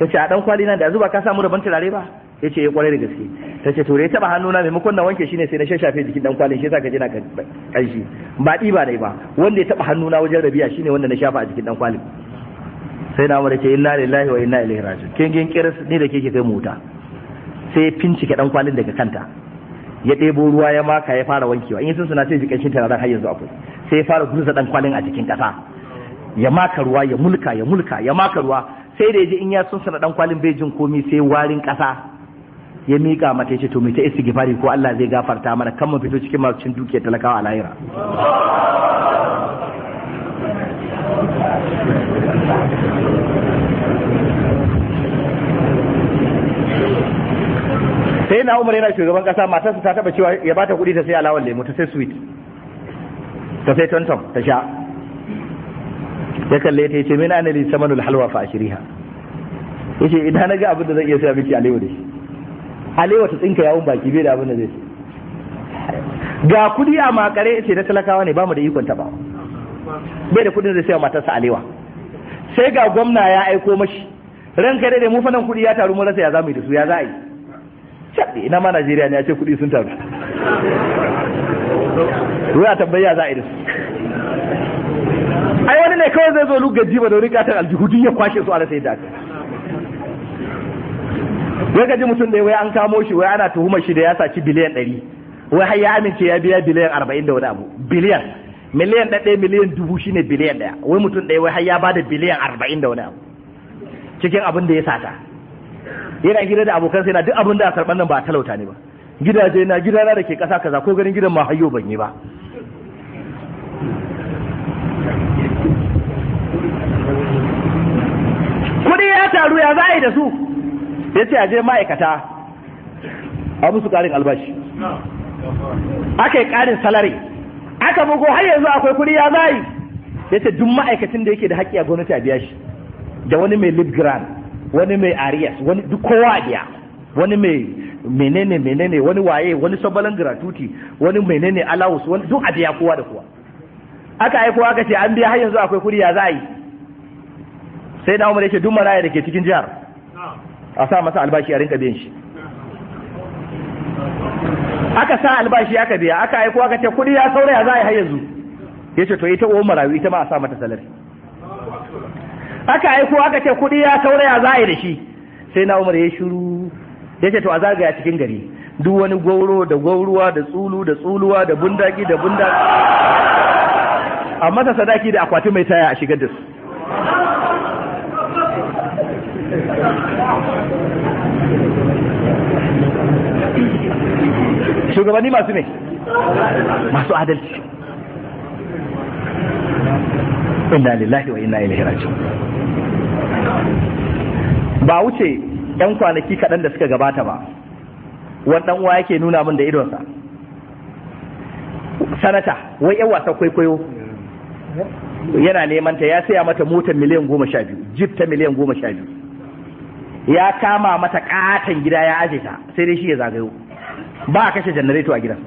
Speaker 1: ta ce a dan kwali nan da zuba ka samu rabon turare ba ya ce ya eh, kwarai da gaske ta ce to ya taba hannuna maimakon na wanke shi ne sai na shafe jikin dan kwalin shi yasa ka ji na kanshi ba di ba dai ba wanda ya taba hannuna wajen rabiya shine wanda na shafa a jikin dan kwalin sai na mara ce inna lillahi wa inna ilaihi raji'un kin gin kiris ni da kike kai mota sai fincike dan kwalin daga kanta ya ɗebo ruwa ya maka ya fara wankewa in sun suna sai jikin shi tana har yanzu akwai sai ya fara gurza dan kwalin a jikin kasa ya maka ruwa ya mulka ya mulka ya maka ruwa sai da ya ji in ya sun suna dan kwalin bai jin komi sai warin kasa ya miƙa mata yace to mu ta istighfari ko Allah zai gafarta mana kan mu fito cikin masu cin dukiyar talakawa a lahira sai na umar yana shugaban kasa matarsa ta taba cewa ya bata kuɗi ta sai alawan lemu ta sai sweet ta sai tantan ta sha ya kalle ta yace min anali samanul halwa fa ashriha yace idan na ga abin da zan iya sai miki alewa da shi alewa ta tsinka yawon baki bai da abin da zai ce ga kudi a makare ce na talakawa ne ba mu da ikon ta ba bai da kudin zai sai matarsa alewa sai ga gwamna ya aiko mashi ranka dai mu fanan kudi ya taru mun rasa ya zamu da su ya za a yi cabbe ina ma Najeriya ne ya ce kudi sun taru ruwa tambaya za a yi da su ai wani ne kawai zai zo lugaji ba da wani katar aljihu ya kwashe su a rasa yadda aka wai gaji mutum da wai an kamo shi wai ana tuhumar shi da ya saci biliyan ɗari wai har ya amince ya biya biliyan arba'in da wani abu biliyan miliyan ɗaya miliyan dubu shine biliyan ɗaya wai mutum ɗaya wai har ya bada biliyan arba'in da wani abu cikin abin da ya sata yana hira da abokan sai na duk abin da a karɓar nan ba a talauta ne ba gidaje na gidana da ke ƙasa kaza ko ganin gidan ma hayo ban yi ba kuɗi ya taru ya za a yi da su ya ce aje ma'aikata a musu ƙarin albashi aka yi ƙarin salari aka bugo har yanzu akwai kuɗi ya zayi ya ce duk ma'aikacin da yake da haƙƙi a gwamnati a biya shi da wani mai lib wani mai arias wani duk kowa a biya wani mai menene menene wani waye wani sabalan gratuity wani menene allowance wani duk a biya kowa da kowa aka aiko aka ce an biya har yanzu akwai kuɗi ya zayi sai da umar yake duk maraya da ke cikin jihar a sa masa albashi a rinka biyan shi aka sa albashi aka biya aka aiko aka ce kudi ya saura ya a har yanzu ya ce to ita Umar Rawi ita ma a sa mata salari aka aiko aka ce kudi ya saura za zai da shi sai na umar ya shiru ya ce to a zagaya cikin gari duk wani gauro da gauruwa da tsulu da tsuluwa da bundaki da bundaki a masa sadaki da akwati mai taya a shigar da su shugabanni masu ne masu adalci inna lillahi wa inna ilaihi raji'un ba wuce yan kwanaki kaɗan da suka gabata ba wannan uwa yake nuna min da idonsa sanata wai yan wasa kwaikwayo yana neman ta ya saya mata motar miliyan goma sha biyu jip ta miliyan goma sha biyu ya kama mata katon gida ya aje ta sai dai shi ya zagayo ba a kashe janareto a gidan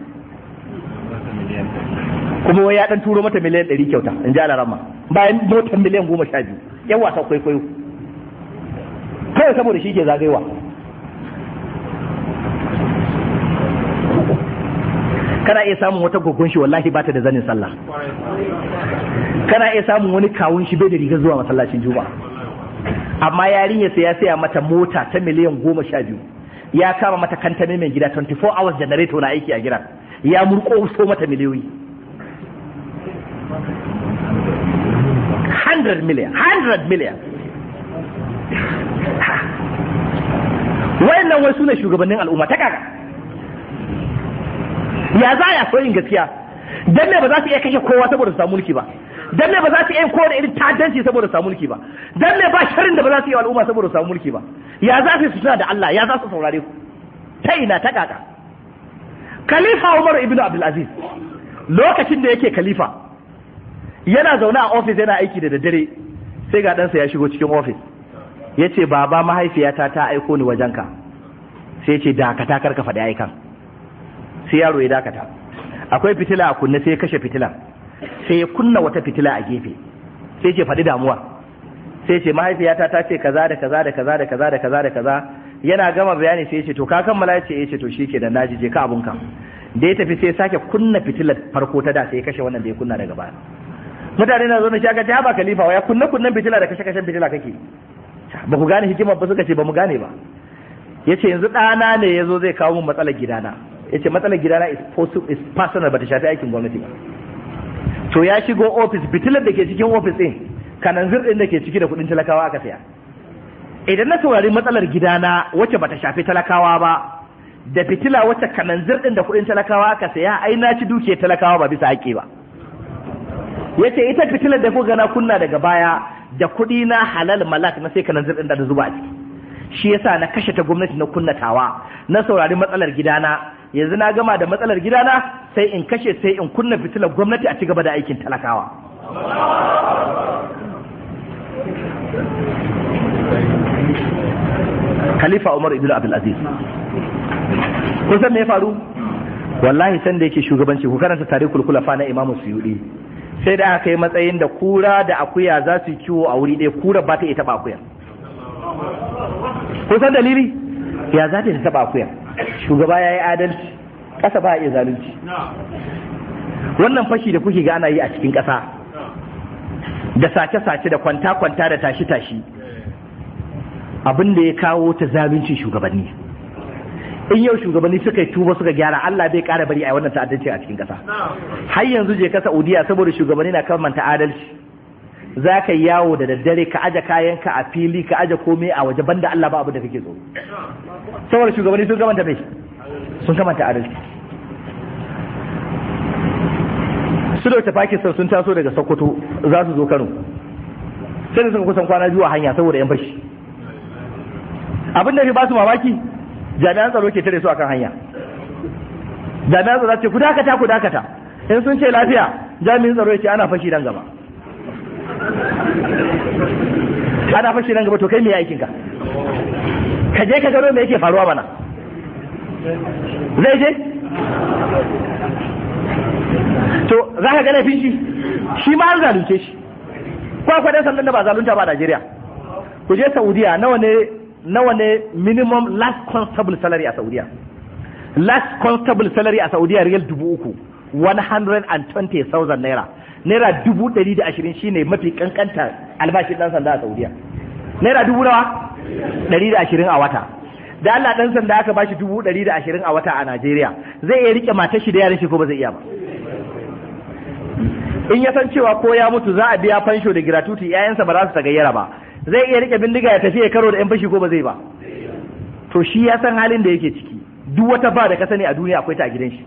Speaker 1: kuma wai ya dan turo mata miliyan ɗari kyauta in ji alarama bayan motar miliyan goma sha biyu yan wasa kwaikwayo kawai saboda shi ke zagayowa kana iya samun wata gogon shi wallahi ba ta da zanin sallah kana iya samun wani kawun shi bai da rigar zuwa masallacin juma'a amma yarinya sai ya saya mata mota ta miliyan goma sha biyu ya kama mata kanta mai gida 24 hours generator na aiki a gidan ya murko so mata miliyoyi 100 million 100 million wayannan wai ne shugabannin al'umma ta kaka ya za ya so yin gaskiya dan me ba za su iya kashe kowa saboda su samu mulki ba dan me ba za su iya kowa da irin tadanci saboda su samu mulki ba dan me ba sharrin da ba za su yi al'umma saboda su samu mulki ba ya za su suna da Allah ya za su saurare ku ta ina ta kaka khalifa Umar ibn Abdul Aziz lokacin da yake khalifa yana zaune a office yana aiki da daddare sai ga ɗansa ya shigo cikin office yace baba mahaifiyata ta aiko ni wajenka sai ce dakata karka faɗi aikan sai yaro ya dakata akwai fitila a kunne sai ya kashe fitila sai ya kunna wata fitila a gefe sai ce faɗi damuwa sai ce mahaifiyata ta ce kaza da kaza da kaza da kaza da kaza da kaza yana gama bayani sai ya ce to ka kammala ya ce eh, ya ce to shike da naji je ka abunka da ya tafi sai ya sake kunna fitilar farko ta da sai ya kashe wannan da ya kunna daga baya mutane na zo na shaka ta ba kalifa ya kunna kunnan fitila da kashe kashen fitila kake ba ku gane hikimar ba suka ce ba mu gane ba yace yanzu ɗana ne ya zo zai kawo mun matsalar gidana yace matsalar gidana is is personal ta shafi aikin gwamnati ba to ya shigo ofis bitilar da ke cikin ofis ɗin kananzir zirɗin da ke ciki da kudin talakawa aka saya idan na saurari matsalar gidana wacce bata shafi talakawa ba da fitila wacce kananzir ɗin da kuɗin talakawa aka saya ai na ci duke talakawa ba bisa haƙƙi ba yace ita fitilar da kuka na kunna daga baya da kuɗi na halal malak na sai kananzir zirɗin da zuba a ciki shi yasa na kashe ta gwamnati na kunnatawa na saurari matsalar gidana yanzu na gama da matsalar gidana sai in kashe sai in kunna fitilar gwamnati a ci gaba da aikin talakawa khalifa umar ibn abdul aziz kun san me ya faru wallahi da yake shugabanci ku karanta tarihul kulafa na imamu suyudi sai da aka yi matsayin da kura da akuya za su kiwo a wuri ɗaya kura ba ta iya taba akuya kun san dalili ya za ta taba akuya shugaba ya yi adalci ƙasa ba iya zalunci wannan fashi da kuke gana yi a cikin ƙasa da sace-sace da kwanta-kwanta da tashi-tashi abin da ya kawo ta zalunci shugabanni in yau shugabanni suka yi tuba suka gyara Allah bai ƙara bari a wannan ta'addanci a cikin ƙasa har yanzu je ka Saudiya saboda shugabanni na kamanta adalci za ka yawo da daddare ka aje kayanka a fili ka aje komai a waje banda Allah ba abu da kake zo. saboda shugabanni sun kamanta mai sun kamanta adalci su dauke pakistan sun taso daga sokoto za su zo kano sai da suka kusan kwana biyu a hanya saboda yan fashi abin da ba su mamaki jami'an tsaro ke tare su akan hanya jami'an tsaro ce ku dakata ku dakata in sun ce lafiya jami'in tsaro ya ce ana fashi nan gaba ana fashi nan gaba to kai me aikinka ka je ka gano me yake faruwa mana
Speaker 3: zai je to
Speaker 1: za ka ga laifin shi shi ma an zalunce shi ko akwai sandan da ba zalunta ba a Najeriya ku je Saudiya nawa ne nawa ne minimum last constable salary a Saudiya last constable salary a Saudiya riyal dubu uku 120,000 naira naira dubu ɗari da ashirin shine mafi kankanta albashin ɗan sanda a Saudiya naira dubu nawa ɗari da ashirin a wata da Allah ɗan sanda aka bashi dubu ɗari da ashirin a wata a Najeriya zai iya riƙe matar shi da yaran shi ko ba zai iya ba in ya san cewa ko ya mutu za a biya fansho da gratuity ƴaƴansa ba za su tagayyara ba zai iya riƙe bindiga ya tafi ya karo da ƴan fashi ko ba zai ba to shi ya san halin da yake ciki duk wata ba da ka sani a duniya akwai ta a gidan shi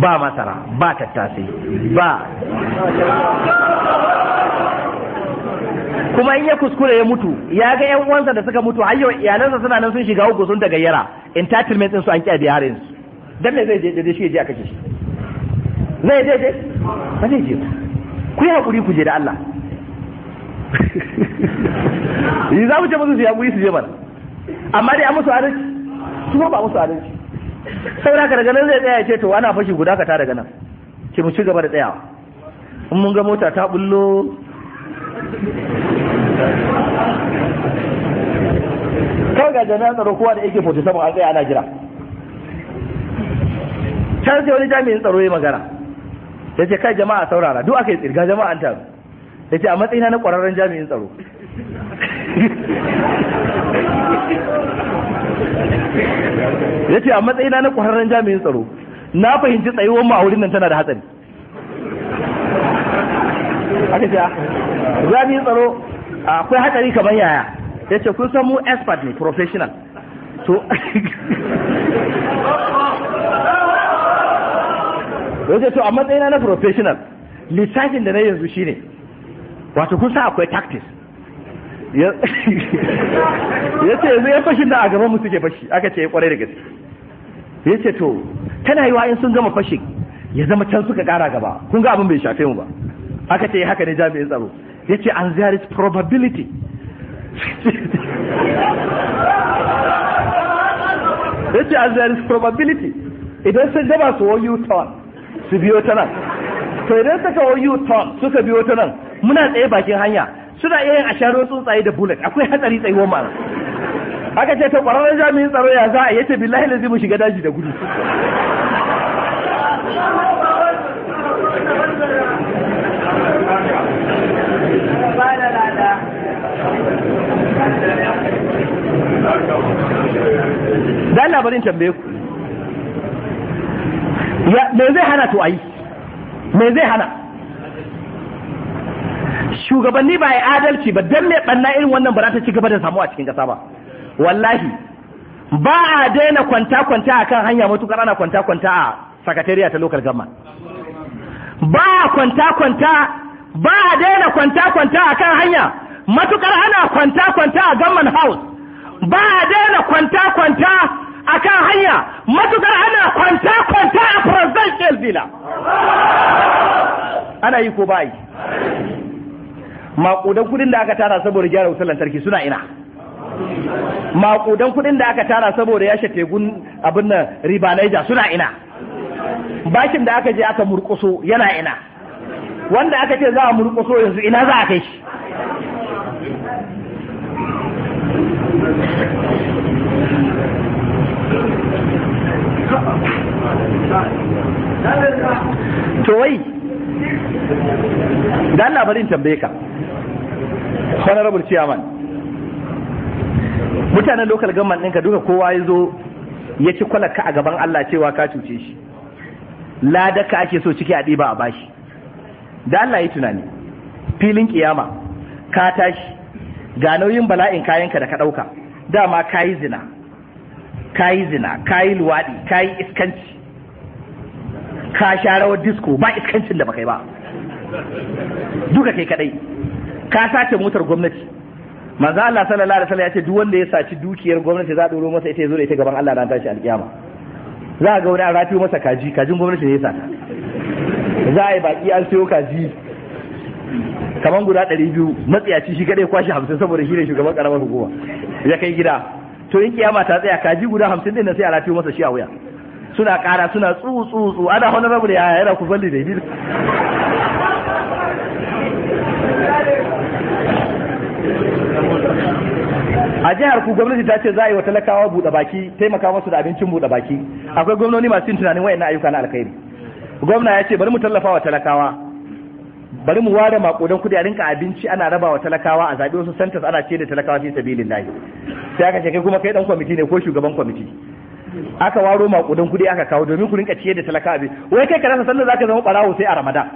Speaker 1: ba masara ba tattasai ba kuma in ya kuskure ya mutu ya ga yan uwansa da suka mutu har yau iyalansa suna nan sun shiga uku sun gayyara entitlement din su an kiyaye biyarin su dan me zai je da shi je aka ce shi zai je je ba zai je ku yi hakuri ku je da Allah (laughs) yi za mu ce musu su yi hakuri su je ba amma dai an musu adalci su ba musu adalci saboda ka daga nan zai tsaya ya ce to ana fashi guda ka ta daga nan ki mu ci gaba da tsayawa in mun ga mota ta bullo kai ga jami'an tsaro kowa da ake 47 an tsaya ana jira can sai wani jami'in tsaro ya magana ya ce kai jama'a saurara duk aka yi tsirga jama'a an taru ya ce a matsayina na ƙwararren jami'in tsaro ya ce a matsayina na ƙwararren jami'in tsaro na fahimci tsayuwar ma'aurin nan tana da hatsari aka ce ah. jami'in tsaro akwai hatsari kamar yaya ya ce kun san mu expert ne professional to (laughs) ya to a matsayina na professional lissafin da na yanzu shine wato kun san akwai tactics ya (laughs) ce yanzu ya fashin da a gaban mu suke fashi aka ce ya eh, kwarai da gaske ya ce to tana yi wa'in sun gama fashin ya zama can suka kara gaba kun ga abin bai shafe mu ba aka ce haka ne jami'in tsaro yace and there is probability yace and there is probability idan sun gaba su wayo turn su biyo ta nan to idan suka wayo turn suka biyo ta nan muna tsaye bakin hanya suna iya yin asharo tsuntsaye da bullet akwai hatsari tsayuwar mana aka ce ta kwararren jami'in tsaro ya za a yace billahi lazi mu shiga daji da gudu da Allah bari tambaye ku ya me zai hana to ayi me zai hana shugabanni ba ya adalci ba dan me banna irin wannan ba za ta ci gaba da samuwa cikin kasa ba wallahi ba a daina kwanta kwanta akan hanya matukar ana kwanta kwanta a sakatariya ta local government ba kwanta kwanta ba a daina kwanta kwanta akan hanya matukar ana kwanta kwanta a government house ba a daina kwanta-kwanta a kan hanya matukar ana kwanta-kwanta a presidential villa ana yi ko ba yi maƙudan kudin da aka tara saboda gyara wutar lantarki suna ina maƙudan kudin da aka tara saboda yashe tegun abin nan riba naija suna ina bashin da aka je aka murkoso yana ina wanda aka ce za a murkoso yanzu ina za a kai shi to wai da Allah bari in tambaye ka honorable chairman mutanen local government ɗinka duka kowa ya zo ya ci kwalaka a gaban Allah cewa ka cuce shi ladaka ake so ciki a ɗiba a bashi da Allah yi tunani filin ƙiyama. ka tashi ga nauyin bala'in kayanka da ka ɗauka dama ka yi zina ka yi zina ka yi luwaɗi ka yi iskanci ka sha rawar disko ba iskancin da ba kai ba duka kai kaɗai ka sace motar gwamnati manzo Allah sallallahu alaihi wasallam ya ce duk wanda ya saci dukiyar gwamnati za a doro masa ita ya zo da ita gaban Allah ran tashi alkiyama za a ga wani a rafi masa kaji kajin gwamnati ne ya sata za a yi baki an sayo kaji kaman guda ɗari biyu matsiyaci shi kadai kwashi hamsin saboda shi ne shugaban ƙaramar hukuma ya kai gida to in kiyama ta tsaya kaji guda hamsin ɗin na sai a rafi masa shi a wuya suna ƙara suna tsutsutsu ana rabu da ya yana kufan da biyu a jihar ku gwamnati ta ce za a yi wa talakawa buɗe baki taimaka masu da abincin buɗe baki akwai gwamnoni masu yin tunanin wayannan ayyuka na alkhairi gwamna ya ce bari mu tallafa wa talakawa bari mu ware makodan kudi a rinka abinci ana raba wa talakawa a zabi wasu santas ana ce da talakawa fi sabilin lahi sai aka ce kai kuma kai dan kwamiti ne ko shugaban kwamiti aka waro makodan kudi aka kawo domin ku rinka ciye da talakawa bi wai kai ka rasa sallar zaka zama barawo sai a ramadan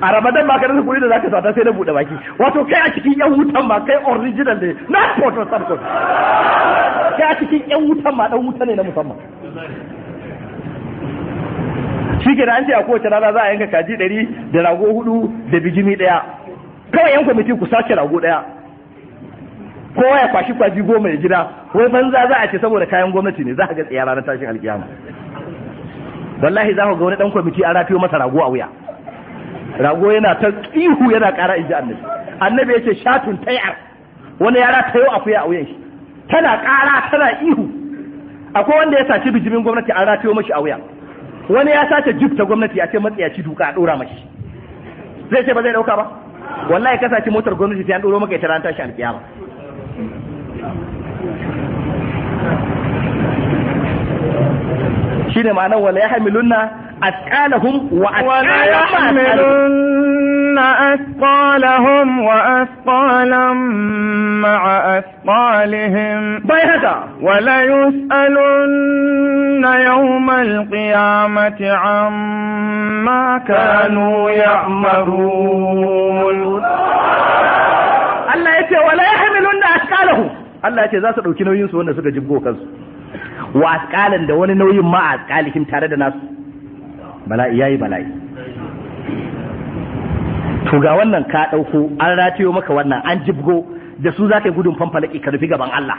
Speaker 1: a ramadan ba ka rasa kudi da zaka sata sai na bude baki wato kai a cikin yan wutan ma kai original ne na photo sarkon kai a cikin yan wutan ma dan wuta ne na musamman shi ke da an ce a kowace rana za a yanka kaji ɗari da rago hudu da bijimi ɗaya kawai yan kwamiti ku sace rago ɗaya kowa ya kwashi kwaji goma ya gida wai banza za a ce saboda kayan gwamnati ne za a ga tsaye ranar tashin alkiyama wallahi za ku ga wani dan kwamiti an rafiyo masa rago a wuya rago yana ta ihu yana ƙara in ji annabi annabi yace shatun tayar wani yara ta yau akuya a wuyan shi tana ƙara tana ihu akwai wanda ya sace bijimin gwamnati an rafiyo mashi a wuya wani ya sace jif ta gwamnati a ce ci duka a dora mashi zai ce ba zai dauka ba wallahi ka sace motar gwamnati sai an doro maka ita ran tashi kiyama shine ma'anar wala ya hamilunna أثقالهم
Speaker 2: ويحملن أثقالهم وأثقالا مع أثقالهم وليسألن يوم القيامة عما كانوا يعمرون
Speaker 1: Allah ya ce wala ya hamilun da askalahu Allah ya ce za su ɗauki su wanda suka jibgo kansu wa da wani nauyin ma tare da nasu bala'i yayi bala'i to ga wannan ka ɗauko an ratiyo maka wannan an jibgo da su za ka yi gudun fanfalaki ka rufi gaban Allah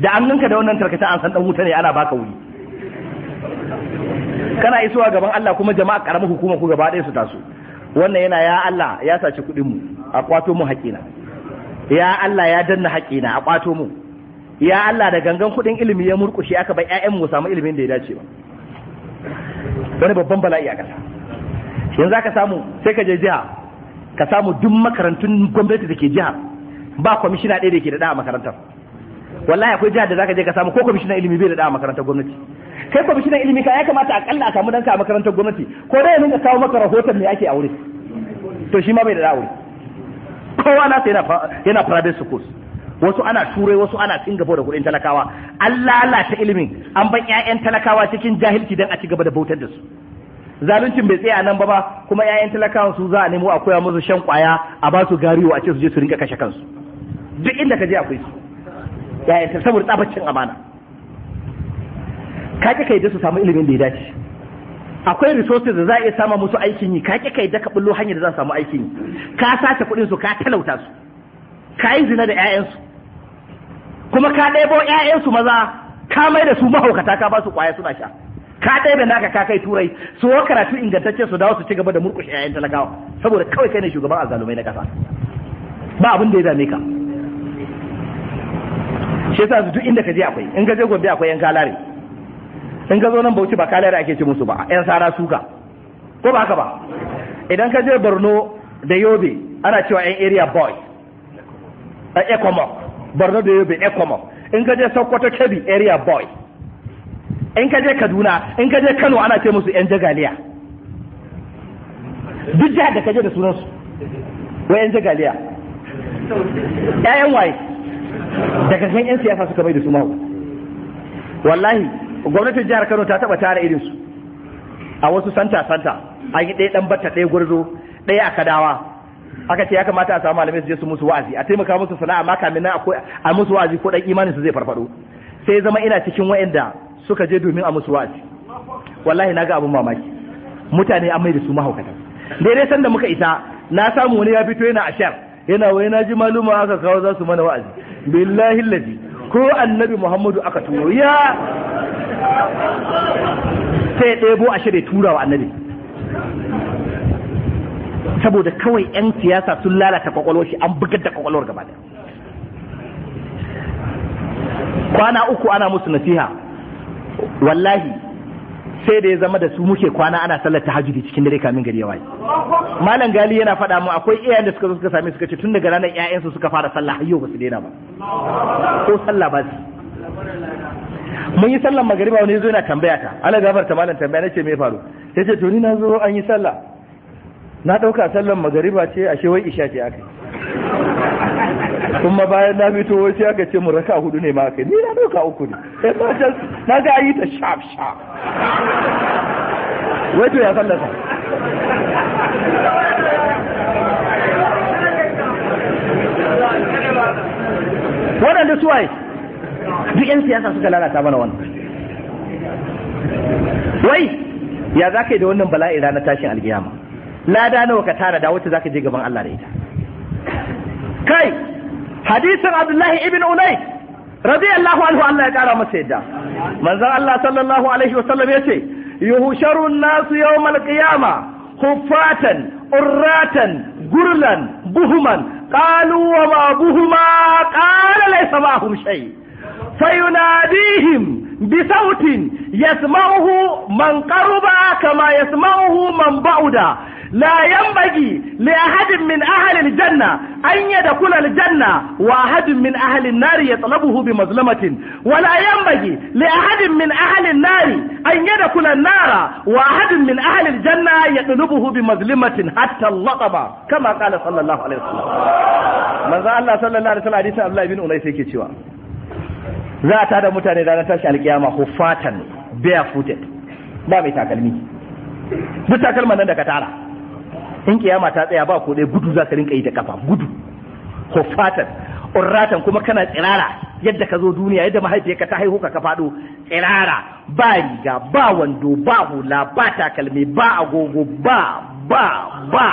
Speaker 1: da an ninka da wannan tarkata an san ɗan wuta ne ana baka wuri kana isowa gaban Allah kuma jama'a karamar hukuma ku gaba ɗaya su taso wannan yana ya Allah ya sace kuɗin mu a kwato mu haƙina ya Allah ya danna haƙina a kwato mu ya Allah da gangan kuɗin ilimi ya murƙushe aka bar ƴaƴan mu samu ilimin da ya dace ba wani babban bala'i a ƙasa yanzu ka samu sai ka je jiha ka samu duk makarantun gwamnati da ke jiha ba kwamishina ɗaya da ke da ɗaya a makarantar wallahi akwai jihar da za ka je ka samu ko kwamishinan ilimi bai da a makarantar gwamnati kai kwamishinan ilimi ka ya kamata akalla a samu ka a makarantar gwamnati ko dai yanzu ka kawo maka rahoton me ake aure to shi ma bai da aure kowa na yana yana private schools wasu ana turai wasu ana singapore da kudin talakawa an lalata ilimin an ban ƴaƴan talakawa cikin jahilci dan a ci gaba da bautar da su zaluncin bai tsaya nan ba ba kuma ƴaƴan talakawa su za a nemo a koya musu shan kwaya a ba su gariwo a ce su je su rinka kashe kansu duk inda ka je akwai su ƴaƴan ta saboda tsabacin amana ka ki kai da su samu ilimin da ya dace akwai resources da za a iya sama musu aikin yi ka ki kai da ka bullo hanyar da za a samu aikin yi ka sace kuɗin su ka talauta su ka yi zina da 'ya'yansu kuma ka ɗebo 'ya'yansu maza ka mai da su mahaukata ka ba su kwaya suna sha ka ɗebe naka ka kai turai su wa karatu ingantaccen su dawo su ci gaba da murƙushe 'ya'yan talakawa saboda kawai kai ne shugaban azalumai na ƙasa ba abin da ya dame ka shi yasa duk inda ka je akwai in ka je gobe akwai yan kalare in ka zo nan bauchi ba kalare ake ce musu ba yan sara suka ko ba haka ba idan ka je borno da yobe ana cewa yan area boy a ecomoc borno da yobe ecomof in ka je sokoto kebbi area boy in ka je kaduna in ka je kano ana ce musu yan jagaliya
Speaker 3: duk jihar da ka je da sunansu
Speaker 1: wai yan jagaliya ƴaƴan waye daga kan yan siyasa suka bai da su mahu wallahi gwamnatin jihar kano ta taɓa tara irinsu a wasu santa santa an yi ɗaya ɗan batta ɗaya gurzo ɗaya a kadawa aka ce ya kamata a samu malamai su je su musu wa'azi a taimaka musu sana'a ma kamin nan a musu wa'azi ko dan imanin su zai farfado sai zama ina cikin wa'anda suka je domin a musu wa'azi wallahi naga abun mamaki mutane an mai da su mahaukata daidai sanda muka isa na samu wani ya fito yana ashar yana wai na ji maluma aka kawo za su mana wa'azi billahi ladi ko annabi muhammadu aka turo ya sai ɗebo a shirya turawa annabi saboda kawai 'yan siyasa sun lalata kwakwalwar shi an bugar da kwakwalwar gaba da kwana uku ana musu nasiha wallahi sai da ya zama da su muke kwana ana sallar tahajjudi cikin dare kamin gari ya waye malam gali yana faɗa mu akwai iyayen da suka zo suka same suka ce tun daga ranar ƴaƴansu suka fara sallah har yau ba su daina ba ko sallah ba su mun yi sallar magariba wani zo yana tambaya ta ana gafarta malam tambaya nace me faru sai ce to ni na zo an yi sallah na ɗauka sallan magariba ce a shewai isha ce aka kuma bayan na fito wace aka ce mu raka hudu ne ma aka ni na ɗauka uku ne na ga yi ta sharp sharp wai to ya sallata waɗanda suwaye duk 'yan siyasa suka lalata mana wannan wai ya za ka yi da wannan bala'i ranar tashin alkiyama lada nawa ka tara da wacce zaka je gaban Allah da ita kai hadisin Abdullahi ibn Unay radiyallahu anhu Allah ya kara masa yadda manzon Allah sallallahu alaihi sallam yace yuhsharu an-nasu yawm al qiyama khuffatan urratan gurlan buhuman qalu wa ma buhuma qala laysa ma'hum shay fayunadihim بصوت يسمعه من قرب كما يسمعه من بعد لا ينبغي لأحد من أهل الجنة أن يدخل الجنة وأحد من أهل النار يطلبه بمظلمة ولا ينبغي لأحد من أهل النار أن يدخل النار وأحد من أهل الجنة يطلبه بمظلمة حتى اللطمة كما قال صلى الله عليه وسلم ماذا الله صلى الله عليه وسلم حديث عبد الله بن أنيس yake cewa za a tada mutane ranar tashi alkiyama hufatan barefooted ba mai takalmi duk takalman nan da ka tara in kiyama ta tsaya ba ko dai gudu za ka rinka yi da kafa gudu hufatan urratan kuma kana tsirara yadda ka zo duniya yadda mahaifiyarka ta haihu ka ka fado tsirara ba riga ba wando ba hula ba takalmi ba agogo ba ba ba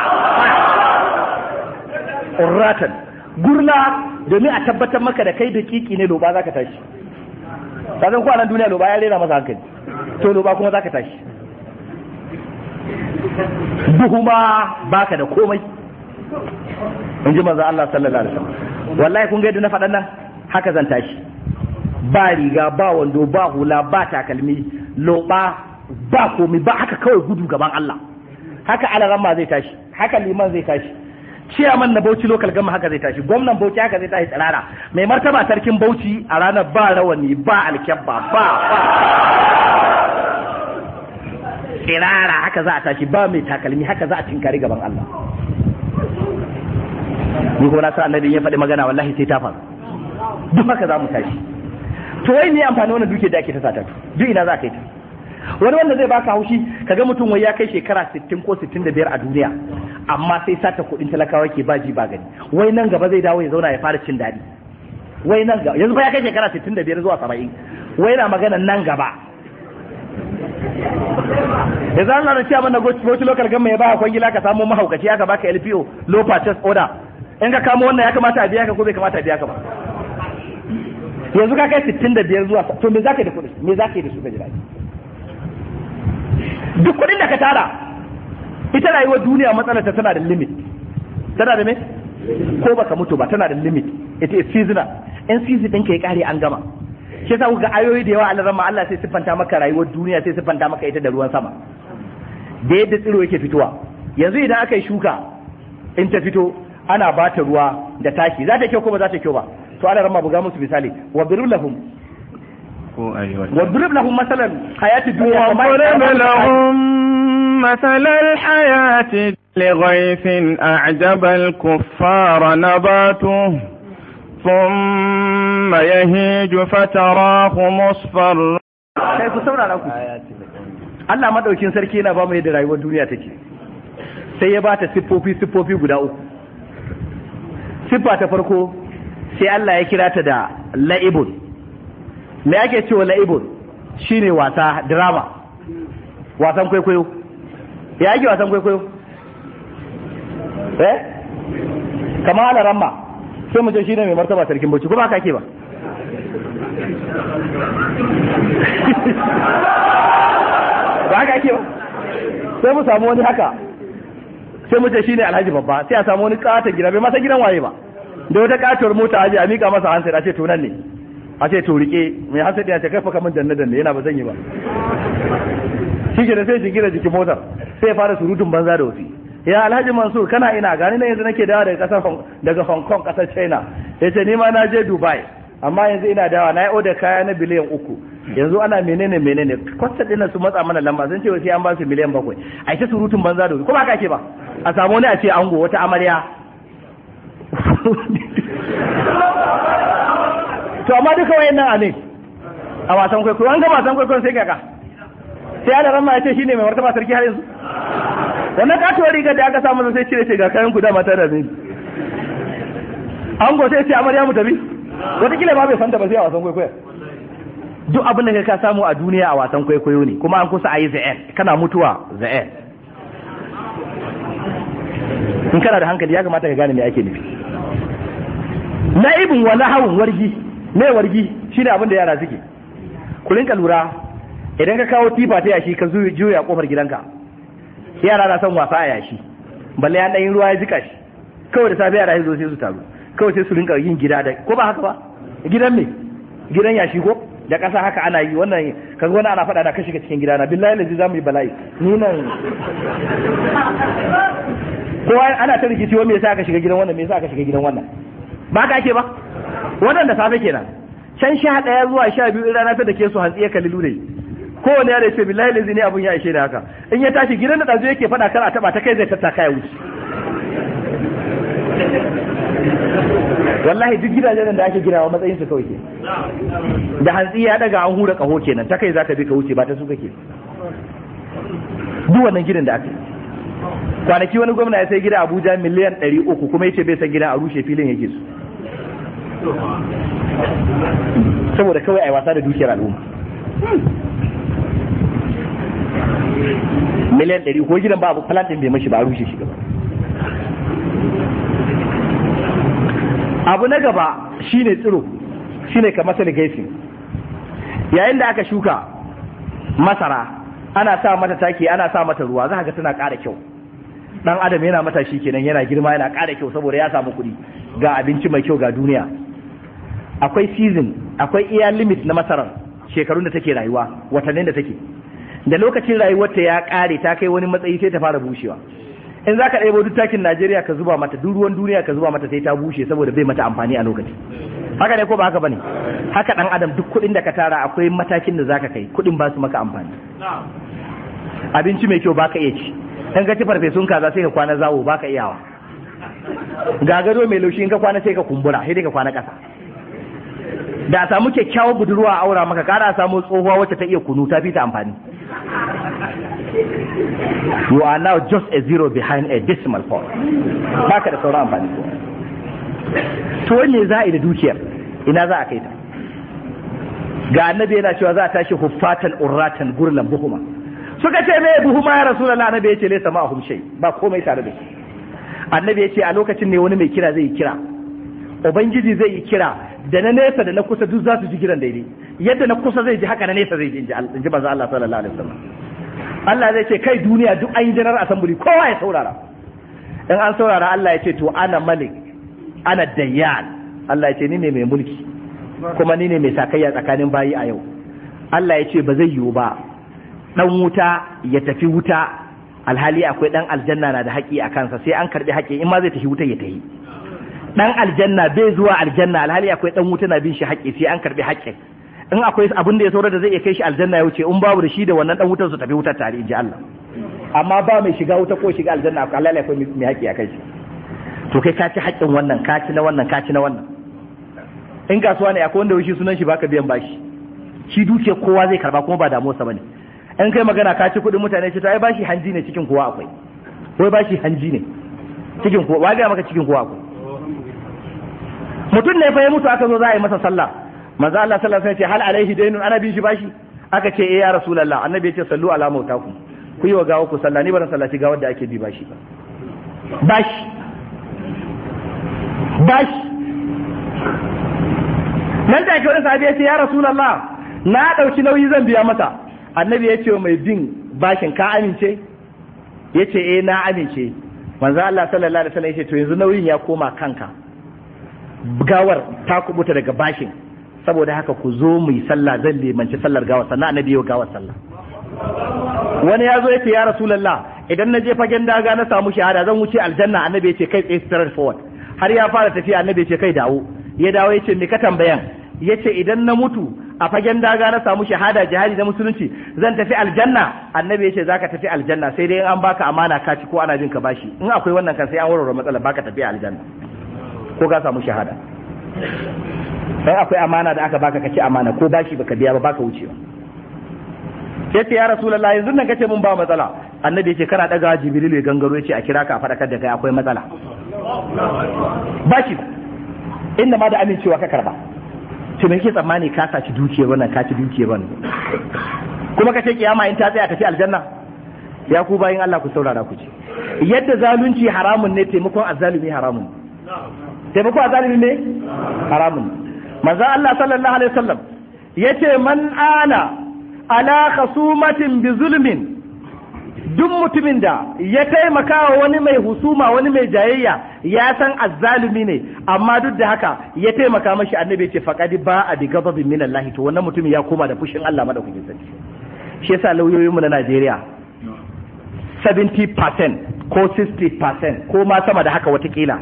Speaker 1: urratan gurla domin a tabbatar maka da kai da kiki ne loba za ka tashi ka zan kwanan duniya loba ya rera masa hankali to loba kuma za ka tashi duhu baka da komai in ji manzo Allah sallallahu alaihi wasallam wallahi kun ga yadda na faɗan nan haka zan tashi ba riga ba wando ba hula ba takalmi loba ba komai ba haka kawai gudu gaban Allah haka alaramma zai tashi haka liman zai tashi ciyaman na bauchi lokal gama haka zai tashi gwamnan bauchi haka zai tashi tsirara mai martaba sarkin bauchi a ranar ba rawani ba alkyabba ba kirara haka za a tashi ba mai takalmi haka za a tinkari gaban Allah ni ko na sa annabi ya faɗi magana wallahi sai ta faru duk haka za mu tashi to wai me amfani wannan duke da ake ta sata duk ina za ka yi ta wani wanda zai baka haushi kaga mutum wai ya kai shekara 60 ko 65 a duniya amma sai sata kuɗin talakawa ke baji ba gani wai nan gaba zai dawo ya zauna ya fara cin daɗi wai nan gaba yanzu ba ya kai shekara 65 zuwa 70 wai na magana nan gaba da zan lana ci abin da goci local gamma ya baka kwangila ka samu mahaukaci aka baka LPO low purchase order in ka kamo wannan ya kamata a biya ka ko bai kamata a biya ka ba yanzu ka kai 65 zuwa to me yi da kuɗi me yi da su ga jirage duk kuɗin da ka tara ita rayuwa duniya matsalar ta tana da limit tana da me ko baka mutu ba tana da limit it is seasonal in season ɗinka ya kare an gama shi yasa kuka ayoyi da yawa Allah ramma Allah sai siffanta maka rayuwar duniya sai siffanta maka ita da ruwan sama da yadda tsiro yake fitowa yanzu idan aka yi shuka in ta fito ana ba ta ruwa da taki za ta kyau ko ba za ta kyau ba to Allah ramma buga musu misali wa birul lahum
Speaker 2: واضرب
Speaker 1: لهم مثلا حياة الدنيا واضرب لهم
Speaker 2: مثل الحياة لغيث أعجب الكفار نباته ثم يهيج فتراه
Speaker 1: مصفر kai ku saurara ku Allah madaukin sarki na ba mu yadda rayuwar duniya take sai ya bata siffofi siffofi guda uku siffa ta farko sai Allah ya kira ta da la'ibun me ake cewa shi ne wasa drama wasan kwaikwayo ya ake wasan kwaikwayo eh kamar alaramma sai mu je ne mai martaba sarkin bauchi ko ba ka ke ba ba haka ba sai mu samu wani haka sai mu ce ne alhaji babba sai a samu wani katon gida bai masa gidan waye ba da wata katuwar mota aje a mika masa hansar a ce to nan ne a ce to rike mai hansar ya ce kai fa kaman danne danne yana ba zan yi ba shi ke da sai jingina jikin motar sai fara surutun banza da wasu ya alhaji mansur kana ina gani na yanzu nake dawa daga kasar daga hong kong kasar china ya ce ni ma na je dubai amma yanzu ina dawa na yi oda kaya na biliyan uku yanzu ana menene menene kwasta dina su matsa mana lamba sun ce sai an ba su miliyan bakwai a ta surutun banza da kuma ka ke ba a samu ne a ce ango wata amarya (laughs) to amma duka wayannan a ne a wasan kwaikwayo an ga wasan kwaikwayo sai kaka sai ana ramma ya ce shine mai martaba sarki har yanzu wannan katuwar rigar da aka samu sai cire ce ga kayan ku dama da zai an go sai ce amarya mu tabi wataƙila ba bai fanta ba sai a wasan kwaikwayo duk abin da ka samu a duniya a wasan kwaikwayo ne kuma an kusa a yi za'en kana mutuwa za'en in kana da hankali ya kamata ka gane me ake nufi na ibin wani hawun wargi me wargi shine abin da yara suke ku rinka lura idan ka kawo tifa ta yashi ka juya kofar gidanka yara na son wasa a yashi balle ya ɗanyin ruwa ya jika shi kawai da safe yara ya zo sai su taru kawai sai su rinka yin gida da ko ba haka ba gidan me gidan yashi ko da ƙasa haka ana yi wannan kaga wani ana faɗa da ka shiga cikin gidana billahi lazi za mu yi bala'i ni nan kowa ana ta rikici wa me yasa aka shiga gidan wannan me yasa aka shiga gidan wannan ba ka ake ba wannan da safe kenan can sha ɗaya zuwa sha biyu rana ta da ke su hantsi ya kalli lulayi Ko wani yare ce billahi lazi ne abun ya ishe da haka in ya tashi gidan da ɗazu yake faɗa kar a taɓa ta kai zai tattaka ya wuce wallahi duk gidajen da ake wa matsayin su kawai ke da hantsi ya daga an hura kaho kenan ta kai zaka bi ka wuce ba ta su kake duk wannan gidan da aka kwanaki wani gwamna ya sai gida Abuja miliyan 300 kuma yace bai san gida a rushe filin yake
Speaker 3: su
Speaker 1: saboda kawai ai wasa da dukiyar al'umma miliyan ɗari ko gidan babu plantin bai mashi ba rushe shi gaba abu na gaba shine tsiro shine ka masal gaisin yayin da aka shuka masara ana sa mata taki ana sa mata ruwa za ga tana ƙara kyau dan adam yana mata shi kenan yana girma yana ƙara kyau saboda ya samu kuɗi ga abinci mai kyau ga duniya akwai season akwai iya limit na masarar shekarun da take rayuwa watannin da take da lokacin rayuwarta ya kare ta kai wani matsayi sai ta fara bushewa in zaka ka ɗebo duk takin najeriya ka zuba mata duk ruwan duniya ka zuba mata sai ta bushe saboda bai mata amfani a lokaci haka ne ko ba haka bane haka ɗan adam duk kuɗin da ka tara akwai matakin da zaka kai kuɗin ba su maka amfani abinci mai kyau baka iya ci dan ga farfesun kaza sai ka kwana zawo baka iyawa ga gado mai laushi in ka kwana sai ka kumbura sai ka kwana ƙasa da samu kyakkyawar budurwa a aura maka kara samu tsohuwa wacce ta iya kunu ta fi ta amfani you are now just a zero behind a decimal point baka da sauran amfani to wanne za a yi da dukiyar ina za a kai ta ga annabi yana cewa za a tashi huffatan urratan gurlan buhuma suka ce me buhuma ya rasulullah annabi yace laysa ma hum shay ba komai tare da shi annabi yace a lokacin ne wani mai kira zai kira ubangiji zai yi kira da na nesa da na kusa duk za su ji kiran daidai yadda na kusa zai ji haka na nesa zai ji in ji Allah sallallahu alaihi wasallam Allah zai ce kai duniya duk an yi jinar assembly kowa ya saurara in an saurara Allah ya ce to ana malik ana dayyan Allah ya ce ni ne mai mulki kuma ni ne mai sakayya tsakanin bayi a yau Allah ya ce ba zai yiwu ba dan wuta ya tafi wuta alhali akwai dan aljanna na da haƙi a kansa sai an karbi haƙi in ma zai tafi wuta ya tafi dan aljanna bai zuwa aljanna alhali akwai dan wuta na bin shi haƙƙi sai an karbi haƙƙin in akwai abin da ya saurar da zai iya kai shi aljanna ya wuce in babu da shi da wannan dan wutar su tafi wutar tare inji Allah amma ba mai shiga wuta ko shiga aljanna akwai alhali akwai mai haƙƙi a kai shi to kai ka ci haƙƙin wannan ka ci na wannan ka ci na wannan in kasuwa ne akwai wanda wuce sunan shi baka biyan bashi shi duke kowa zai karba kuma ba damuwarsa bane in kai magana ka ci kuɗin mutane ce to ai bashi hanji ne cikin kowa akwai wai bashi hanji ne cikin kowa ba ga maka cikin kowa akwai mutum ne fa ya mutu aka zo za a yi masa sallah manzo Allah sallallahu alaihi wasallam ya ce hal alaihi dainun ana bin shi bashi aka ce eh ya rasulullah annabi ya ce sallu ala mautakum ku yi wa gawo ku sallah ni ba ran sallaci gawar da ake bi bashi ba bashi bashi nan da ke wani sahabi ya ce ya rasulullah na dauki nauyi zan biya masa annabi ya ce mai bin bashin ka amince ya ce eh na amince manzo Allah sallallahu alaihi wasallam ya ce to yanzu nauyin ya koma kanka gawar ta kubuta daga bashin saboda haka ku zo mu yi sallah zan limanci sallar gawar sannan annabi yau gawar sallah wani ya zo yake ya rasulullah idan na je fagen daga na samu shahada zan wuce aljanna annabi yace kai straight forward har ya fara tafiya annabi yace kai dawo ya dawo yace me ka tambayan yace idan na mutu a fagen daga na samu shahada jihadi da musulunci zan tafi aljanna annabi yace zaka tafi aljanna sai dai in an baka amana ka ci ko ana jin ka bashi in akwai wannan kan sai an warware matsala baka tafi aljanna ko ka samu shahada sai akwai amana da aka baka kace amana ko bashi baka biya ba baka wucewa yace ya rasulullahi yanzu nan kace mun ba matsala annabi yace kana daga jibril ya gangaro yace a kira ka a fadakar da kai akwai matsala bashi inda ma da amincewa ka karba to me yake tsammani ka saci dukiyar wannan ka ci dukiyar wannan kuma kace kiyama in ta tsaya tafi aljanna ya ku bayin Allah ku saurara ku ce yadda zalunci haramun ne taimakon azzalumi haramun taimako a zalimi ne haramun manzo Allah sallallahu alaihi wasallam yace man ana ala khasumatin bi zulmin duk mutumin da ya taimaka wa wani mai husuma wani mai jayayya ya san azzalumi ne amma duk da haka ya taimaka mashi annabi ce faqadi ba a bi gababin min Allah to wannan mutumin ya koma da fushin Allah madaukakin sarki shi yasa lauyoyin mu na Najeriya 70% ko 60% ko ma sama da haka watakila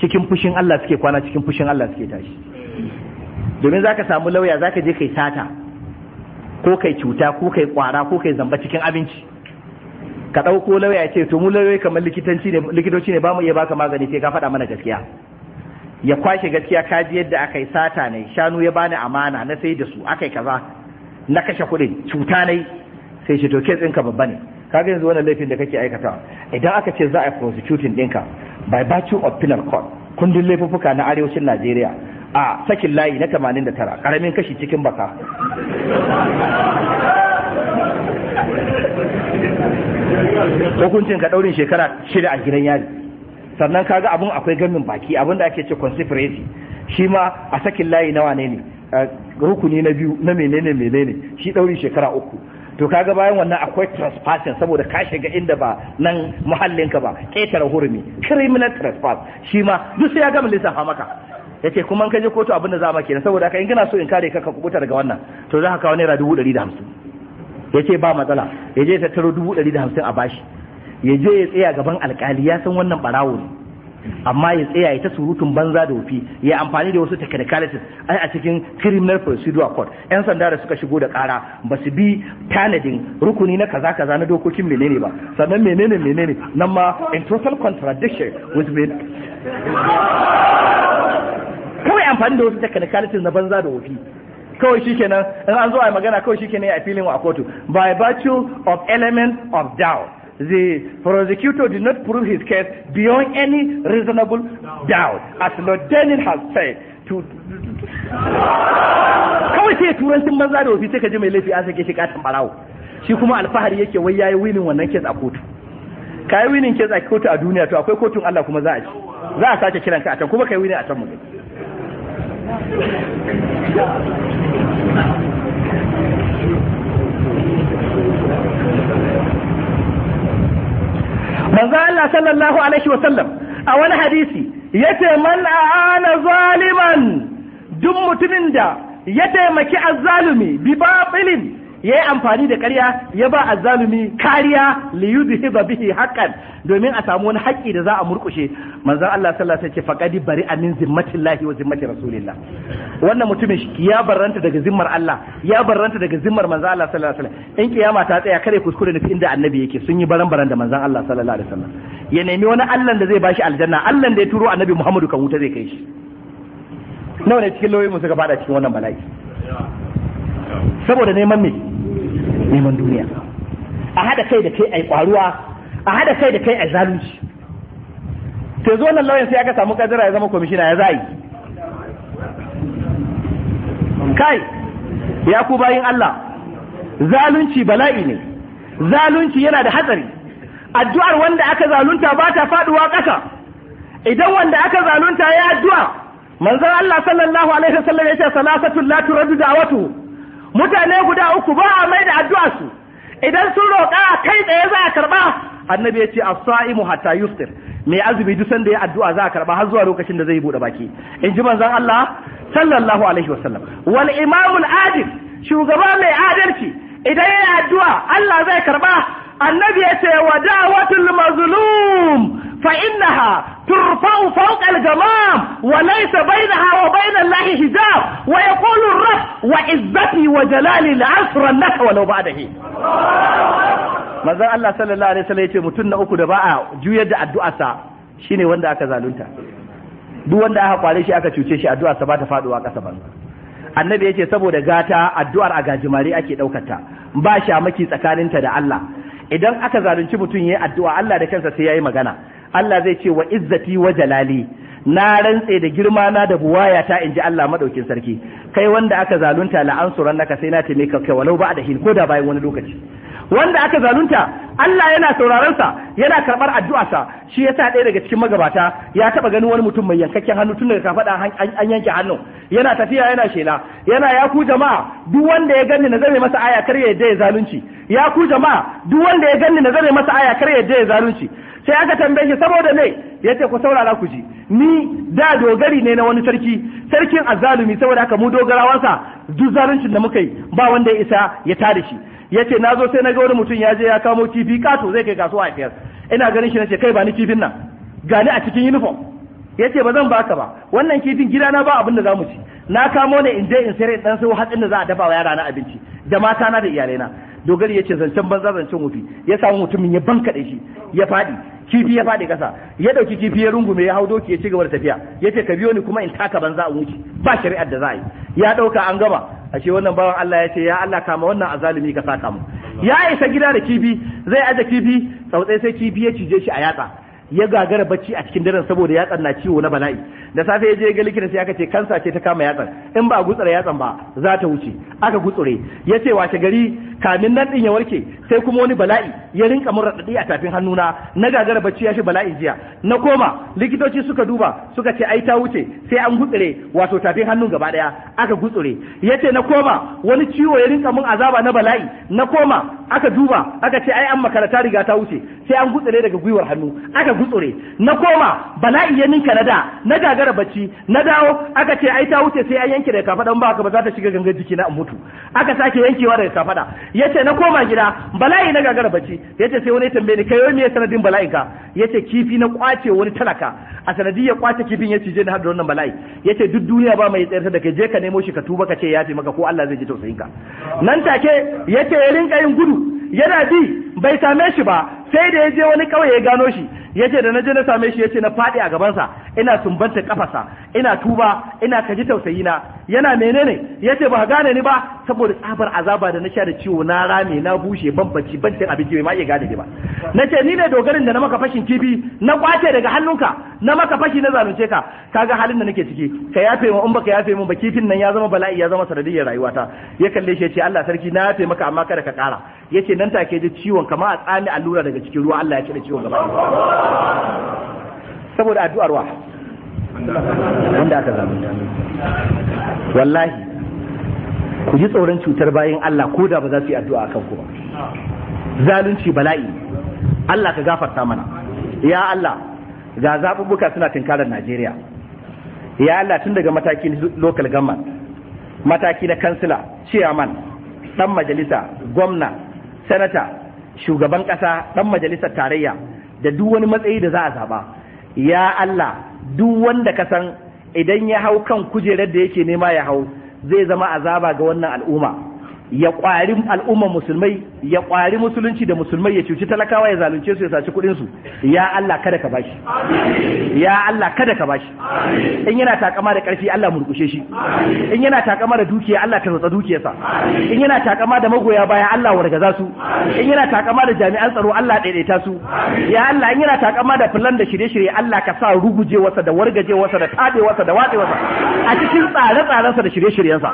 Speaker 1: cikin fushin Allah suke kwana cikin fushin Allah suke tashi domin zaka samu lauya zaka je kai sata ko kai cuta ko kai kwara ko kai zamba cikin abinci ka ɗauko lauya ya ce to mu lauyoyi kamar likitanci ne likitoci ne ba mu iya baka magani sai ka faɗa mana gaskiya ya kwashe gaskiya ka ji yadda aka yi sata ne shanu ya bani amana na sai da su aka yi kaza na kashe kuɗin cuta ne sai shi to kes ɗinka babba ne kaga yanzu wannan laifin da kake aikatawa idan aka ce za a yi prosecuting ɗinka by virtue of penal code kundin laifuffuka na arewacin Najeriya a sakin layi na 89 karamin kashi cikin baka hukuncin ka daurin shekara shida a gidan yari sannan kaga abun akwai gamin baki abin da ake ce conspiracy shi ma a sakin layi na wane ne eh, rukuni na biyu na menene menene shi daurin shekara uku to kaga bayan wannan akwai trespassing saboda ka shiga inda ba nan muhallin ka ba ƙetare hurumi criminal trespass shi ma duk sai ya gama lissafa maka yace kuma ka je kotu abin da za ma kenan saboda haka in kana so in kare ka ka kubuta daga wannan to za ka kawo naira dubu ɗari da hamsin yace ba matsala ya je ya tattaro dubu ɗari da hamsin a bashi ya je ya tsaya gaban alƙali ya san wannan ɓarawo ne amma ya tsaya ya ta surutun banza da wufi ya amfani da wasu technicalities ai a cikin criminal procedure court yan sanda da suka shigo da kara ba su bi tanadin rukuni na kaza kaza na dokokin menene ba sannan menene menene nan ma in total contradiction with me kawai amfani da wasu technicalities na banza da wufi kawai shikenan in an zo a magana kawai shikenan a filin wa a kotu by virtue of element of doubt the prosecutor did not prove his case beyond any reasonable doubt, as Lord Denning has said. To kawai sai turancin banza da wafi sai ka ji mai laifi a sake shi katin barawo shi kuma alfahari yake wai yayi winin wannan kes a kotu ka yi winin kes a kotu a duniya to akwai kotun Allah kuma za a ci za a sake ka a can kuma kai winin a can mu manzo Allah sallallahu alaihi wa sallam a wani hadisi yace man aana zaliman duk mutumin da ya taimaki azzalumi bi babilin yi amfani da ƙarya ya ba azzalumi kariya li hiba bihi haƙan domin a samu wani haƙƙi da za a murkushe manzan Allah sallallahu alaihi wasallam ya ce faqadi bari amin zimmatillahi wa zimmati rasulillah wannan mutumin ya barranta daga zimmar Allah ya barranta daga zimmar manzan Allah sallallahu alaihi wasallam in kiyama ta tsaya kare kuskure ne inda annabi yake sun yi baran baran da manzan Allah sallallahu alaihi wasallam ya nemi wani Allah da zai bashi aljanna Allah da ya turo annabi Muhammadu kan wuta zai kai shi nawa ne cikin lauyoyin mu suka fada cikin wannan
Speaker 3: bala'i
Speaker 1: saboda neman me neman duniya a hada kai da kai ai kwaruwa a hada kai da kai ai zalunci to yanzu wannan lauyan sai aka samu kadira ya zama kwamishina ya zai kai ya ku bayin Allah zalunci bala'i ne zalunci yana da hatsari addu'ar wanda aka zalunta ba ta faduwa ƙasa idan wanda aka zalunta ya addu'a manzon Allah sallallahu alaihi wasallam yace salatu la turaddu da'watu mutane guda uku ba a mai da addu'a su idan sun roƙa kai tsaye za a karɓa annabi ya ce as-sa'imu hatta yuftir mai azumi duk sanda ya addu'a za a karɓa har zuwa lokacin da zai buɗe baki in ji manzon Allah sallallahu alaihi wasallam wal imamul adil shugaba mai adalci idan ya addu'a Allah zai karɓa annabi ya ce wa da'watul mazlum fa innaha turfa'u fawqa al-gamam wa laysa bainaha wa bain hijab wa yaqulu ar-rabb wa izzati wa jalali al-asra laka wa law ba'dahi manzon Allah sallallahu alaihi wasallam ya mutun na uku da ba'a a juyar da addu'arsa shine wanda aka zalunta duk wanda aka kware shi aka cuce shi addu'arsa ba ta faduwa ƙasa banza annabi yace saboda gata addu'ar a gajimare ake ɗaukar ta ba shamaki tsakaninta da Allah idan aka zalunci mutum ya yi addu'a Allah da kansa sai yayi magana Allah zai ce wa izzati wa jalali na rantse da girma na da buwaya ta inji Allah madaukin sarki kai wanda aka zalunta la'ansuran naka sai na taimaka kai walau ba da hil ko da bayan wani lokaci wanda aka zalunta Allah yana sauraron sa yana karɓar addu'a sa shi yasa ɗaya daga cikin magabata ya taba ganin wani mutum mai yankakken hannu tun daga kafada an yanke hannu yana tafiya yana shela yana ya ku jama'a duk wanda ya ganni na zame masa aya kar ya yadda ya zalunci ya ku jama'a duk wanda ya ganni na zame masa aya kar ya yadda ya zalunci sai aka tambaye shi saboda me yace ku saurara ku ji ni da dogari ne na wani sarki sarkin azzalumi saboda haka mu dogarawansa duk zaluncin da muka yi ba wanda ya isa ya tare shi ya ce na zo sai na ga wani mutum ya je ya kamo kifi kato zai kai kasuwa a fiyar ina ganin shi na ce kai ba ni kifin nan gani a cikin uniform yace ba zan baka ba wannan kifin gidana ba abin da mu ci na kamo ne in je in sayar dan sai hatsin da za a dafa wa yara na abinci da mata na da iyalai na dogari ya ce zancen banza zancen wufi ya samu mutumin ya banka da shi ya fadi kifi ya fadi kasa ya dauki kifi ya rungume ya hau doki ya ci gaba da tafiya ya ce ka biyo ni kuma in taka banza a wuce ba shari'ar da za a yi ya dauka an gama a ce wannan bawan Allah ya ce ya Allah kama wannan azalimi ka saka mu ya isa gida da kifi zai aje kifi tsautsai sai kifi ya cije shi a yatsa ya gagara bacci a cikin daren saboda yatsan na ciwo na bala'i da safe ya je ga likita sai aka ce kansa ce ta kama yatsan in ba gutsura yatsan ba za ta wuce aka gutsure ya ce washe gari kamin nan din ya warke sai kuma wani bala'i ya rinka mun raɗaɗi a tafin hannuna na gagara bacci ya shi bala'in jiya na koma likitoci suka duba suka ce ai ta wuce sai an gutsure wato tafin hannun gaba ɗaya aka gutsure ce na koma wani ciwo ya rinka mun azaba na bala'i na koma aka duba aka ce ai an makarata riga ta wuce sai an gutsire daga gwiwar hannu aka gutsire. na koma bala'i ya ninka na da na gagara bacci na dawo aka ce ai ta wuce sai an yanke daga kafaɗa ba ka ba za ta shiga gangan jiki na mutu aka sake yankewa daga kafaɗa. yace na koma gida bala'i na gagara bacci yace sai wani tambaye ni kai wai me sanadin bala'in ka yace kifi na kwace wani talaka a sanadi ya kwace kifin ya cije ni har da wannan bala'i yace duk duniya ba mai tsayar da kai je ka nemo shi ka tuba ka ce ya maka ko Allah zai ji tausayin ka nan take yace ya rinka yin gudu yana bi bai same shi ba sai da ya je wani kawai ya gano shi ya ce da na je na same shi ya ce na faɗi a gabansa ina sumbanta kafasa ina tuba ina kaji tausayi na yana menene ya ce ba gane ni ba saboda tsabar azaba da na sha da ciwo na rame na bushe ban bacci ban abinci bai ma iya gane ba na ce ni ne dogarin da na maka fashin kifi na kwace daga hannunka na maka fashi na zalunce ka kaga halin da nake ciki ka yafe mu in baka yafe mu ba kifin nan ya zama bala'i ya zama sanadiyyar rayuwata ya kalle shi ya ce Allah sarki na yafe maka amma kada ka kara yace nan take ji ciwon kamar a tsami allura daga cikin ruwa Allah ya da ciwon gaba saboda addu'ar wa wanda aka zalunta wallahi ku ji tsoron cutar bayan Allah ko da ba za su yi addu'a kan ku ba zalunci bala'i Allah ka gafarta mana ya Allah ga zaɓuɓɓuka suna tunkarar Najeriya ya Allah tun daga mataki local government mataki na kansila chairman dan majalisa gwamna sanata shugaban ƙasa dan majalisar tarayya da duk wani matsayi da za a zaɓa ya Allah duk wanda ka san idan ya hau kan kujerar da yake nema ya hau zai zama azaba ga wannan al'umma ya kwari al'umma musulmai ya kwari musulunci da musulmai ya cuci talakawa ya zalunce su ya saci kudin su ya Allah kada ka bashi ya Allah kada ka bashi in yana takama da karfi Allah murkushe shi in yana takama da dukiya Allah ta rutsa dukiyarsa in yana takama da magoya baya Allah wargaza su in yana takama da jami'an tsaro Allah daidaita su ya Allah in yana takama da filan da shirye-shirye Allah ka sa ruguje wasa da wargaje wasa da tabe wasa da watse wasa a cikin tsare-tsarensa da shirye-shiryensa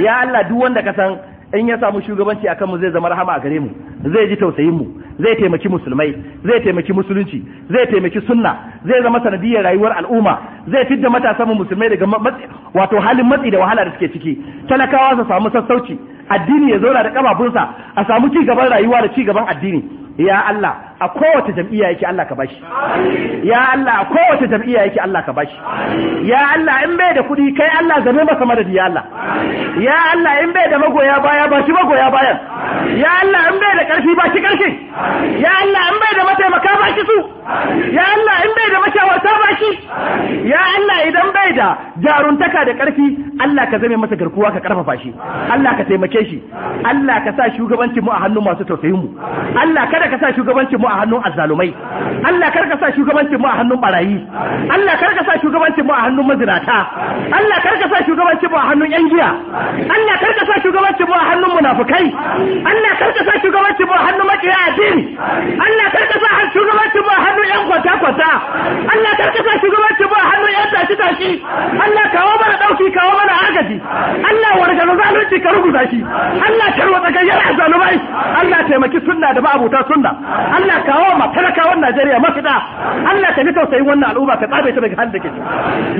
Speaker 1: ya Allah duk wanda ka san in ya samu shugabanci akan mu zai zama rahama a gare mu zai ji tausayin mu zai taimaki musulmai zai taimaki musulunci zai taimaki sunna zai zama sanadiyar rayuwar al'umma zai fidda matasan mu musulmai daga wato halin matsi da wahala da suke ciki talakawa su samu sassauci addini ya zauna da kababunsa a samu ci gaban rayuwa da ci gaban addini ya Allah a kowace jam'iyya yake Allah ka bashi ya Allah a kowace jam'iyya yake Allah ka bashi ya Allah in bai da kuɗi kai Allah zame masa madadi ya Allah ya Allah in bai da magoya baya ba shi magoya bayan ya Allah in bai da ƙarfi ba shi ƙarfi ya Allah in bai da mataimaka ba shi su ya Allah in bai da mashawarta ba shi ya Allah idan bai da jaruntaka da ƙarfi Allah ka zame masa garkuwa ka ƙarfafa shi Allah ka taimake shi Allah ka sa shugabancin mu a hannun masu tausayin mu Allah kada ka sa shugabancin mu a hannun azzalumai Allah kar ka sa shugabancin mu a hannun barayi Allah kar ka sa shugabancin mu a hannun mazirata Allah kar ka sa shugabancin mu a hannun yan giya Allah kar ka sa shugabancin mu a hannun munafukai Allah kar ka sa shugabancin mu a hannun makiya addini Allah kar ka sa shugabancin mu a hannun yan kwata kwata Allah kar ka sa shugabancin mu a hannun yan tashi tashi Allah kawo mana dauki kawo mana agaji Allah wargana zalunci ka rubuta shi Allah tarwata gayyar azzalumai Allah taimaki sunna da ba abuta sunna Allah Allah kawo ma talakawan Najeriya mafita Allah ka ji tausayin wannan al'umma ka tsabe ta daga hannun da ke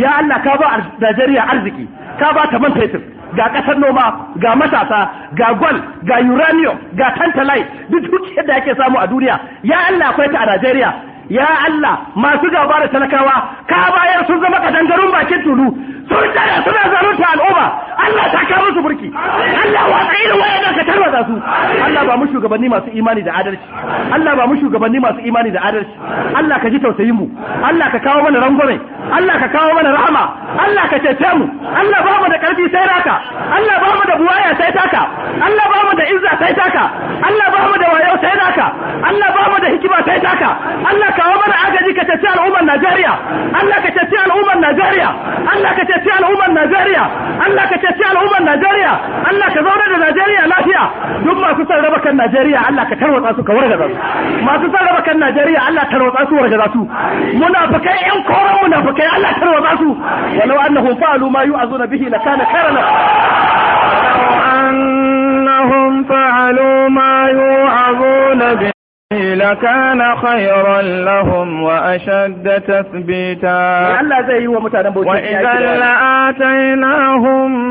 Speaker 1: ya Allah ka ba Najeriya arziki ka ba ta man fetur ga kasar noma ga matasa ga gwal ga uranium ga tantalai duk dukiyar da ake samu a duniya ya Allah akwai ta a Najeriya ya Allah masu gaba da talakawa ka bayar sun zama kadangarun bakin tulu sun tsaya suna zarunta al'umma Allah ta kawo su burki Allah wa tsayin wayannan ka tarwaza su Allah ba mu shugabanni masu imani da adalci Allah ba mu shugabanni masu imani da adalci Allah ka ji tausayin mu Allah ka kawo mana rangwame Allah ka kawo mana rahama Allah ka cece mu Allah ba mu da karfi sai raka. Allah ba mu da buwaya sai taka Allah ba mu da izza sai taka Allah ba mu da wayo sai naka Allah ba mu da hikima sai taka Allah kawo mana agaji ka cece al'ummar Najeriya Allah ka cece al'ummar Najeriya Allah ka cece al'ummar Najeriya Allah ka ceci al'ummar Najeriya Allah ka zauna da Najeriya lafiya duk masu son raba kan Najeriya Allah ka tarwatsa su ka wargaza su masu son raba kan Najeriya Allah tarwatsa su wargaza su muna munafikai yan koran munafikai Allah tarwatsa su walau
Speaker 2: annahum fa'alu ma yu'azuna bihi lakana khairan annahum fa'alu ma yu'azuna لكان خيرا لهم وأشد تثبيتا وإذا لآتيناهم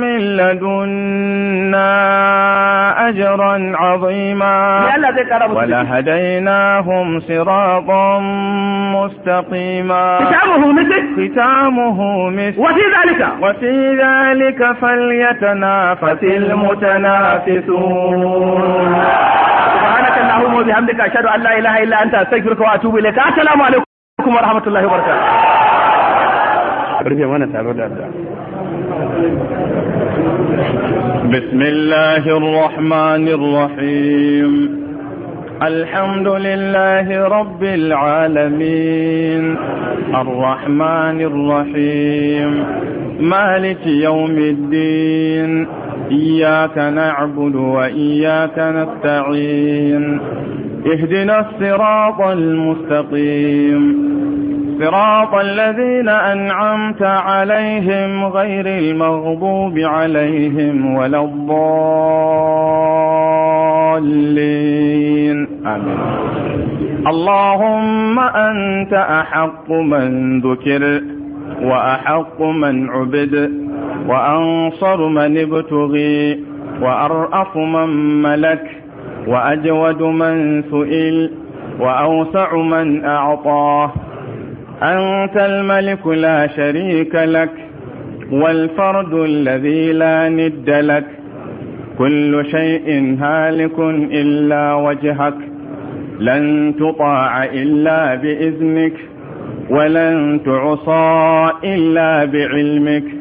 Speaker 2: من لدنا أجرا عظيما ولهديناهم صراطا مستقيما ختامه مثل ختامه وفي ذلك وفي ذلك فليتنافس المتنافسون سبحانك اللهم وبحمدك عندك أشهد أن لا إله إلا أنت أستغفرك
Speaker 1: وأتوب إليك السلام عليكم ورحمة الله وبركاته
Speaker 2: بسم الله الرحمن الرحيم الحمد لله رب العالمين الرحمن الرحيم مالك يوم الدين إياك نعبد وإياك نستعين اهدنا الصراط المستقيم صراط الذين أنعمت عليهم غير المغضوب عليهم ولا الضالين آمين اللهم أنت أحق من ذكر وأحق من عبد وأنصر من ابتغي وأرأف من ملك وأجود من سئل وأوسع من أعطاه أنت الملك لا شريك لك والفرد الذي لا ند لك كل شيء هالك إلا وجهك لن تطاع إلا بإذنك ولن تعصى إلا
Speaker 3: بعلمك